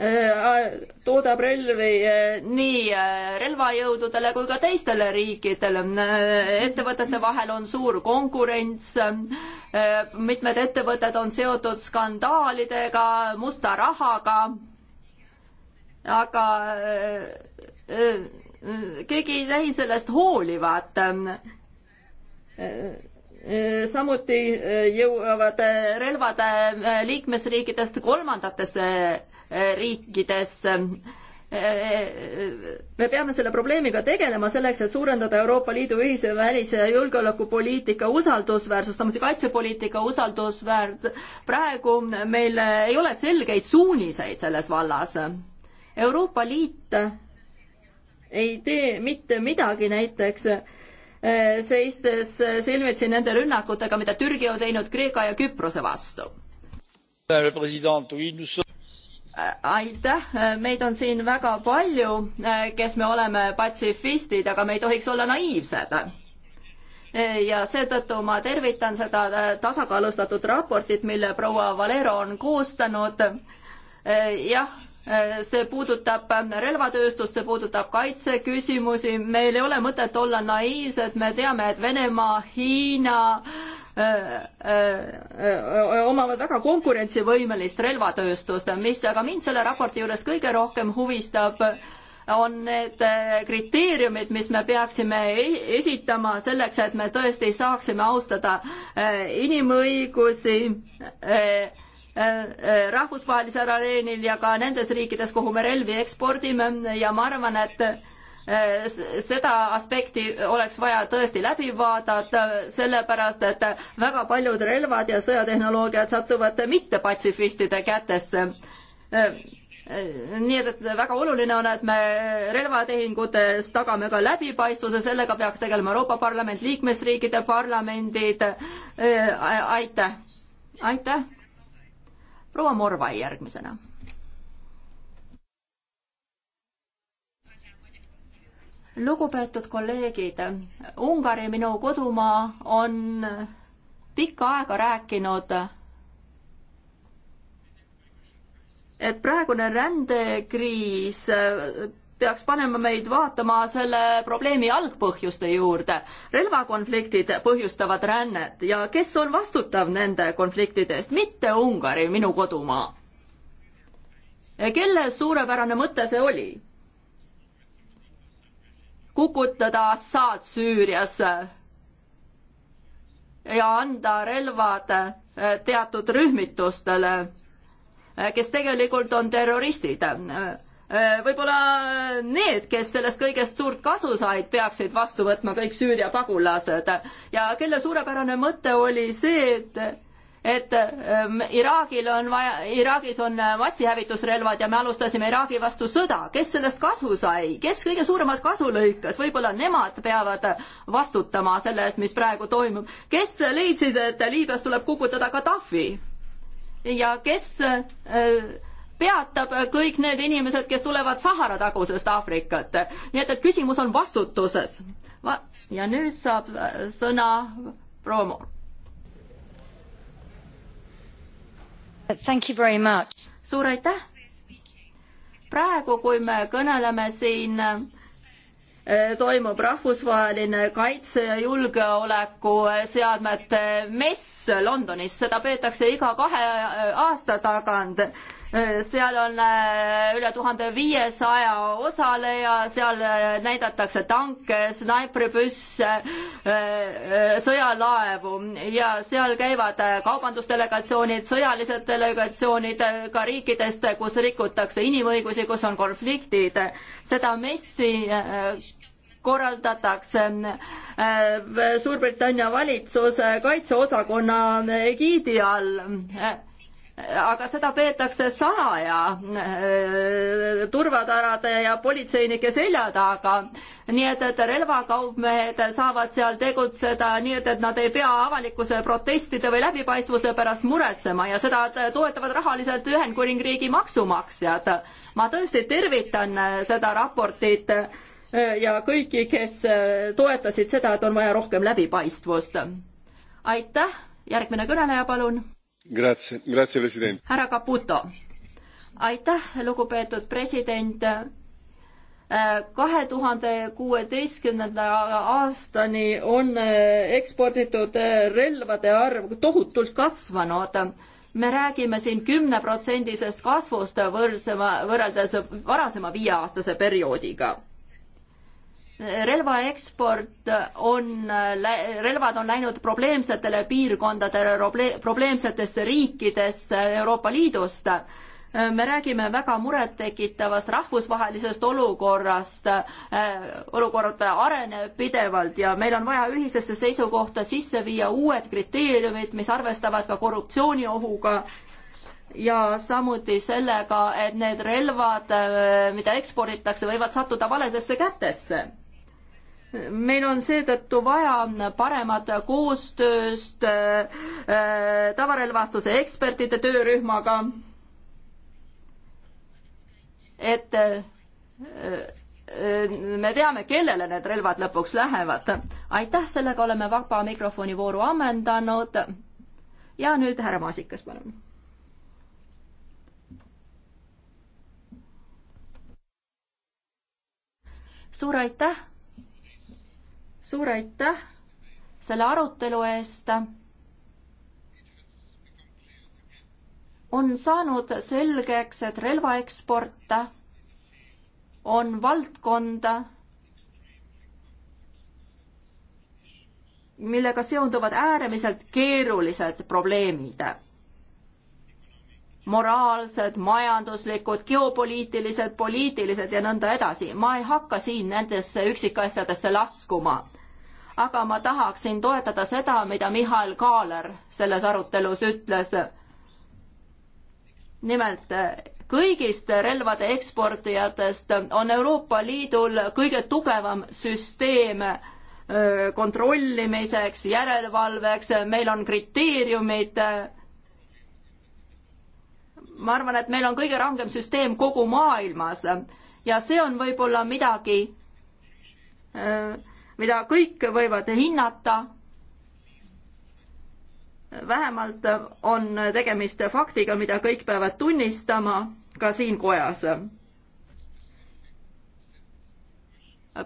Äh, toodab relvi äh, nii äh, relvajõududele kui ka teistele riikidele. ettevõtete vahel on suur konkurents, mitmed ettevõtted on seotud skandaalidega, musta rahaga, aga keegi ei täi sellest hoolivat samuti jõuavad relvad liikmesriikidest kolmandatesse riikides me peame selle probleemiga tegelema selleks, et suurendada Euroopa Liidu ühise välis- ja julgeolekupoliitika usaldusväärsust, samuti kaitsepoliitika usaldusväärt. praegu meil ei ole selgeid suuniseid selles vallas. Euroopa Liit ei tee mitte midagi, näiteks eh, seistes silmitsi nende rünnakutega, mida Türgi on teinud Kreeka ja Küprose vastu aitäh, meid on siin väga palju, kes me oleme patsifistid, aga me ei tohiks olla naiivsed. ja seetõttu ma tervitan seda tasakaalustatud raportit, mille proua Valero on koostanud. jah, see puudutab relvatööstust, see puudutab kaitseküsimusi, meil ei ole mõtet olla naiivsed, me teame, et Venemaa, Hiina äh, Äh, äh, äh, omavad väga konkurentsivõimelist relvatööstust, mis aga mind selle raporti juures kõige rohkem huvistab, on need kriteeriumid, mis me peaksime e-, esitama selleks, et me tõesti saaksime austada inimõigusi rahvusvahelisel areenil ja ka nendes riikides, kuhu me relvi ekspordime ja ma arvan, et Äh, seda aspekti oleks vaja tõesti läbi vaadata, sellepärast et väga paljud relvad ja sõjatehnoloogiad satuvad mitte patsifistide kätesse äh, äh, nii et, et väga oluline on, et me relvatehingutes tagame ka läbipaistvuse, sellega peaks tegelema Euroopa Parlament, liikmesriikide parlamendid. aitäh, aitäh. proua Morvai järgmisena lugupeetud kolleegid, Ungari, minu kodumaa, on pikka aega rääkinud, et praegune rändekriis peaks panema meid vaatama selle probleemi algpõhjuste juurde. relvakonfliktid põhjustavad rännet ja kes on vastutav nende konfliktide eest, mitte Ungari, minu kodumaa. kelle suurepärane mõte see oli? kukutada Assad Süürias ja anda relvad eh, teatud rühmitustele, eh, kes tegelikult on terroristid. Eh, võib-olla need, kes sellest kõigest suurt kasu said, peaksid vastu võtma kõik Süüria pagulased ja kelle suurepärane mõte oli see, et et ähm, Iraagil on vaja, Iraagis on äh, massihävitusrelvad ja me alustasime Iraagi vastu sõda, kes sellest kasu sai, kes kõige suuremat kasu lõikas, võib-olla nemad peavad vastutama selle eest, mis praegu toimub, kes leidsid, et Liibüas tuleb kukutada Gaddafi ja kes äh, peatab kõik need inimesed, kes tulevad Sahara tagusest Aafrikat, nii et, et küsimus on vastutuses. ja nüüd saab äh, sõna proua Moor suur aitäh! praegu, kui me kõneleme siin eh, toimub rahvusvaheline kaitse ja julgeolekuseadmete eh, mess Londonis, seda peetakse iga kahe eh, aasta tagant Äh, seal on äh, üle tuhande viiesaja osaleja, seal äh, näidatakse tanke, snaipripüsse, sõjalaevu ja seal käivad kaubandusdelegatsioonid, sõjalised delegatsioonid ka riikidest, kus rikutakse inimõigusi, kus on konfliktid. seda messi korraldatakse Suurbritannia valitsuse kaitseosakonna egiidi all aga seda peetakse salaja äh, turvatarade ja politseinike selja taga. nii et, et relvakaupmehed saavad seal tegutseda nii, et, et nad ei pea avalikkuse protestide või läbipaistvuse pärast muretsema ja seda toetavad rahaliselt Ühendkuningriigi maksumaksjad. ma tõesti tervitan äh, seda raportit äh, ja kõiki, kes toetasid seda, et on vaja rohkem läbipaistvust. aitäh, järgmine kõneleja, palun härra Caputo, aitäh, lugupeetud president kahe tuhande kuueteistkümnenda aastani on eh, eksporditud eh, relvade arv tohutult kasvanud. me räägime siin kümneprotsendisest kasvust võrdsema, võrreldes varasema viieaastase perioodiga relvaeksport on, relvad on läinud probleemsetele piirkondadele, probleemsetesse riikidesse Euroopa Liidust me räägime väga murettekitavast rahvusvahelisest olukorrast, äh, olukord areneb pidevalt ja meil on vaja ühisesse seisukohta sisse viia uued kriteeriumid, mis arvestavad ka korruptsiooniohuga ja samuti sellega, et need relvad, äh, mida eksporditakse, võivad sattuda valedesse kätesse meil on seetõttu vaja paremat koostööst äh, tavarelvastuse ekspertide töörühmaga, et äh, äh, me teame, kellele need relvad lõpuks lähevad. aitäh, sellega oleme vaba mikrofoni vooru ammendanud. ja nüüd härra Maasikas, palun. suur aitäh suur aitäh selle arutelu eest. on saanud selgeks, et relvaeksport on valdkond, millega seonduvad äärmiselt keerulised probleemid. moraalsed, majanduslikud, geopoliitilised, poliitilised ja nõnda edasi. ma ei hakka siin nendesse üksikasjadesse laskuma aga ma tahaksin toetada seda, mida Mihhail Kaaler selles arutelus ütles. nimelt kõigist relvade eksportijatest on Euroopa Liidul kõige tugevam süsteem kontrollimiseks, järelevalveks, meil on kriteeriumid. ma arvan, et meil on kõige rangem süsteem kogu maailmas ja see on võib-olla midagi, mida kõik võivad hinnata. vähemalt on tegemist faktiga, mida kõik peavad tunnistama ka siin kojas.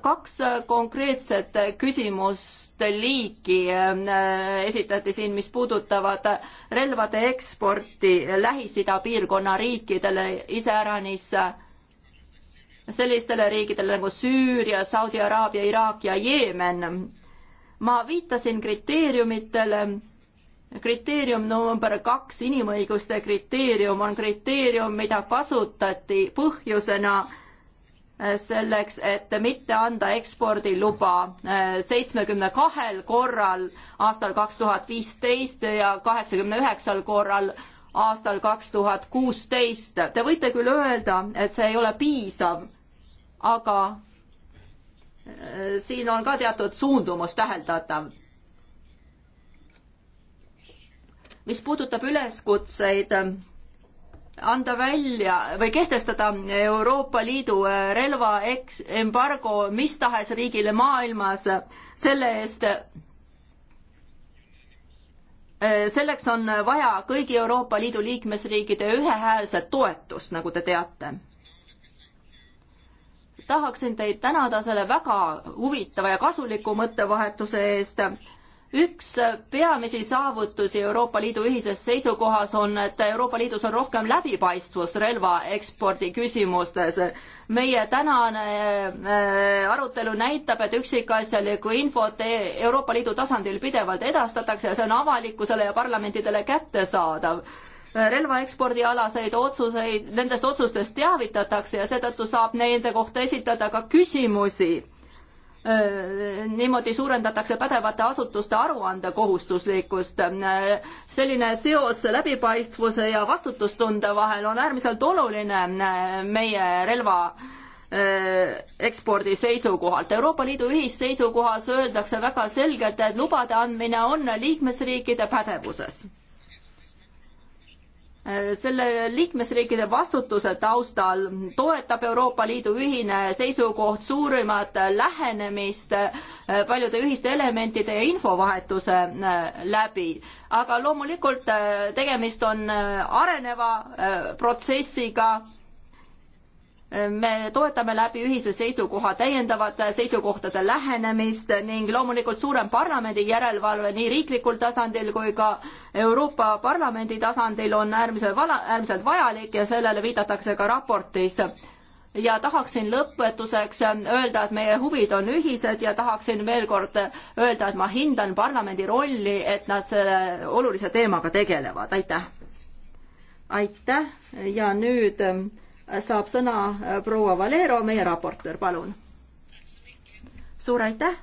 kaks konkreetset küsimust liiki äh, esitati siin, mis puudutavad relvade eksporti Lähis-Ida piirkonna riikidele, iseäranis äh, sellistele riikidele nagu Süüria, Saudi Araabia, Iraak ja Jeemen. ma viitasin kriteeriumitele, kriteerium number kaks, inimõiguste kriteerium on kriteerium, mida kasutati põhjusena eh, selleks, et mitte anda ekspordiluba eh, seitsmekümne kahel korral aastal kaks tuhat viisteist ja kaheksakümne üheksal korral aastal kaks tuhat kuusteist. Te võite küll öelda, et see ei ole piisav, aga äh, siin on ka teatud suundumus täheldatav. mis puudutab üleskutseid äh, anda välja või kehtestada Euroopa Liidu äh, relva eks-, embargo mis tahes riigile maailmas selle eest, Äh, selleks on vaja kõigi Euroopa Liidu liikmesriikide ühehäälset toetust, nagu te teate. tahaksin teid tänada selle väga huvitava ja kasuliku mõttevahetuse eest üks peamisi saavutusi Euroopa Liidu ühises seisukohas on, et Euroopa Liidus on rohkem läbipaistvust relva ekspordi küsimustes. meie tänane äh, arutelu näitab, et üksikasjalikku infot e-, Euroopa Liidu tasandil pidevalt edastatakse ja see on avalikkusele ja parlamentidele kättesaadav relvaekspordialaseid otsuseid, nendest otsustest teavitatakse ja seetõttu saab nende kohta esitada ka küsimusi Äh, niimoodi suurendatakse pädevate asutuste aruandekohustuslikkust. Äh, selline seos läbipaistvuse ja vastutustunde vahel on äärmiselt oluline äh, meie relva ekspordi seisukohalt. Euroopa Liidu ühisseisukohas öeldakse väga selgelt, et lubade andmine on liikmesriikide pädevuses selle liikmesriikide vastutuse taustal toetab Euroopa Liidu ühine seisukoht suurimat lähenemist äh, paljude ühiste elementide ja infovahetuse äh, läbi. aga loomulikult äh, tegemist on areneva protsessiga me toetame läbi ühise seisukoha täiendavate seisukohtade lähenemist ning loomulikult suurem parlamendi järelevalve nii riiklikul tasandil kui ka Euroopa Parlamendi tasandil on äärmiselt, äärmiselt vajalik ja sellele viidatakse ka raportis ja tahaksin lõpetuseks öelda, et meie huvid on ühised ja tahaksin veel kord öelda, et ma hindan parlamendi rolli, et nad selle olulise teemaga tegelevad, aitäh. aitäh ja nüüd saab sõna äh, proua Valero, meie raportöör, palun. suur aitäh.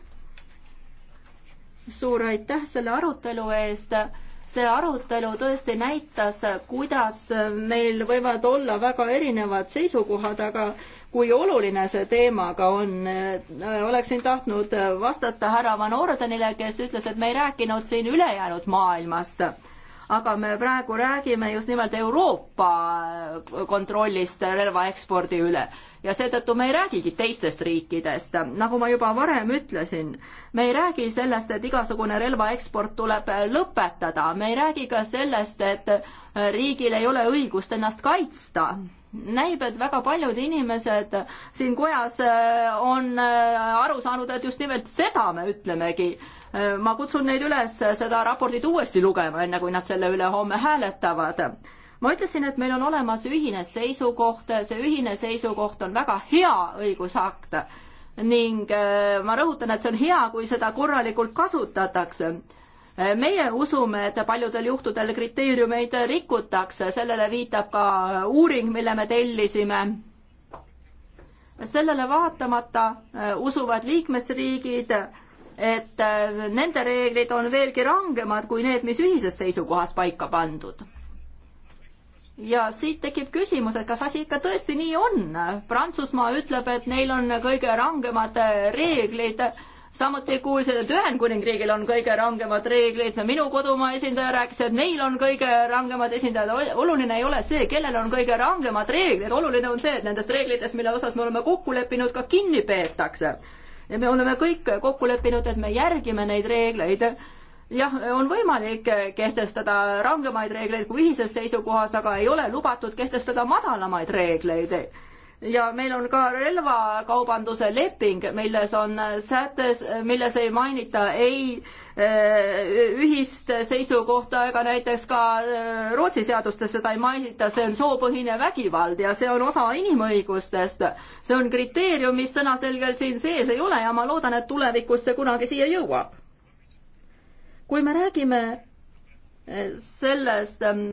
suur aitäh selle arutelu eest. see arutelu tõesti näitas, kuidas meil võivad olla väga erinevad seisukohad, aga kui oluline see teema ka on. Äh, oleksin tahtnud vastata härra Van Ordenile, kes ütles, et me ei rääkinud siin ülejäänud maailmast aga me praegu räägime just nimelt Euroopa kontrollist relvaekspordi üle ja seetõttu me ei räägigi teistest riikidest. nagu ma juba varem ütlesin, me ei räägi sellest, et igasugune relvaeksport tuleb lõpetada, me ei räägi ka sellest, et riigil ei ole õigust ennast kaitsta näib, et väga paljud inimesed siin kojas äh, on äh, aru saanud, et just nimelt seda me ütlemegi ma kutsun neid üles seda raportit uuesti lugema, enne kui nad selle üle homme hääletavad. ma ütlesin, et meil on olemas ühine seisukoht, see ühine seisukoht on väga hea õigusakt ning äh, ma rõhutan, et see on hea, kui seda korralikult kasutatakse meie usume, et paljudel juhtudel kriteeriumeid rikutakse, sellele viitab ka uuring, mille me tellisime. sellele vaatamata äh, usuvad liikmesriigid, et äh, nende reeglid on veelgi rangemad kui need, mis ühises seisukohas paika pandud. ja siit tekib küsimus, et kas asi ikka tõesti nii on. Prantsusmaa ütleb, et neil on kõige rangemad äh, reeglid samuti kuulsin, et Ühendkuningriigil on kõige rangemad reeglid, minu kodumaa esindaja rääkis, et neil on kõige rangemad esindajad, oluline ei ole see, kellel on kõige rangemad reeglid, oluline on see, et nendest reeglitest, mille osas me oleme kokku leppinud, ka kinni peetakse ja me oleme kõik kokku leppinud, et me järgime neid reegleid jah, on võimalik kehtestada rangemaid reegleid kui ühises seisukohas, aga ei ole lubatud kehtestada madalamaid reegleid ja meil on ka relvakaubanduse leping, milles on sätes, milles ei mainita ei eh, ühist seisukohta ega näiteks ka eh, Rootsi seadustes seda ei mainita, see on soopõhine vägivald ja see on osa inimõigustest. see on kriteerium, mis sõnaselgelt siin sees ei ole ja ma loodan, et tulevikus see kunagi siia jõuab. kui me räägime eh, sellest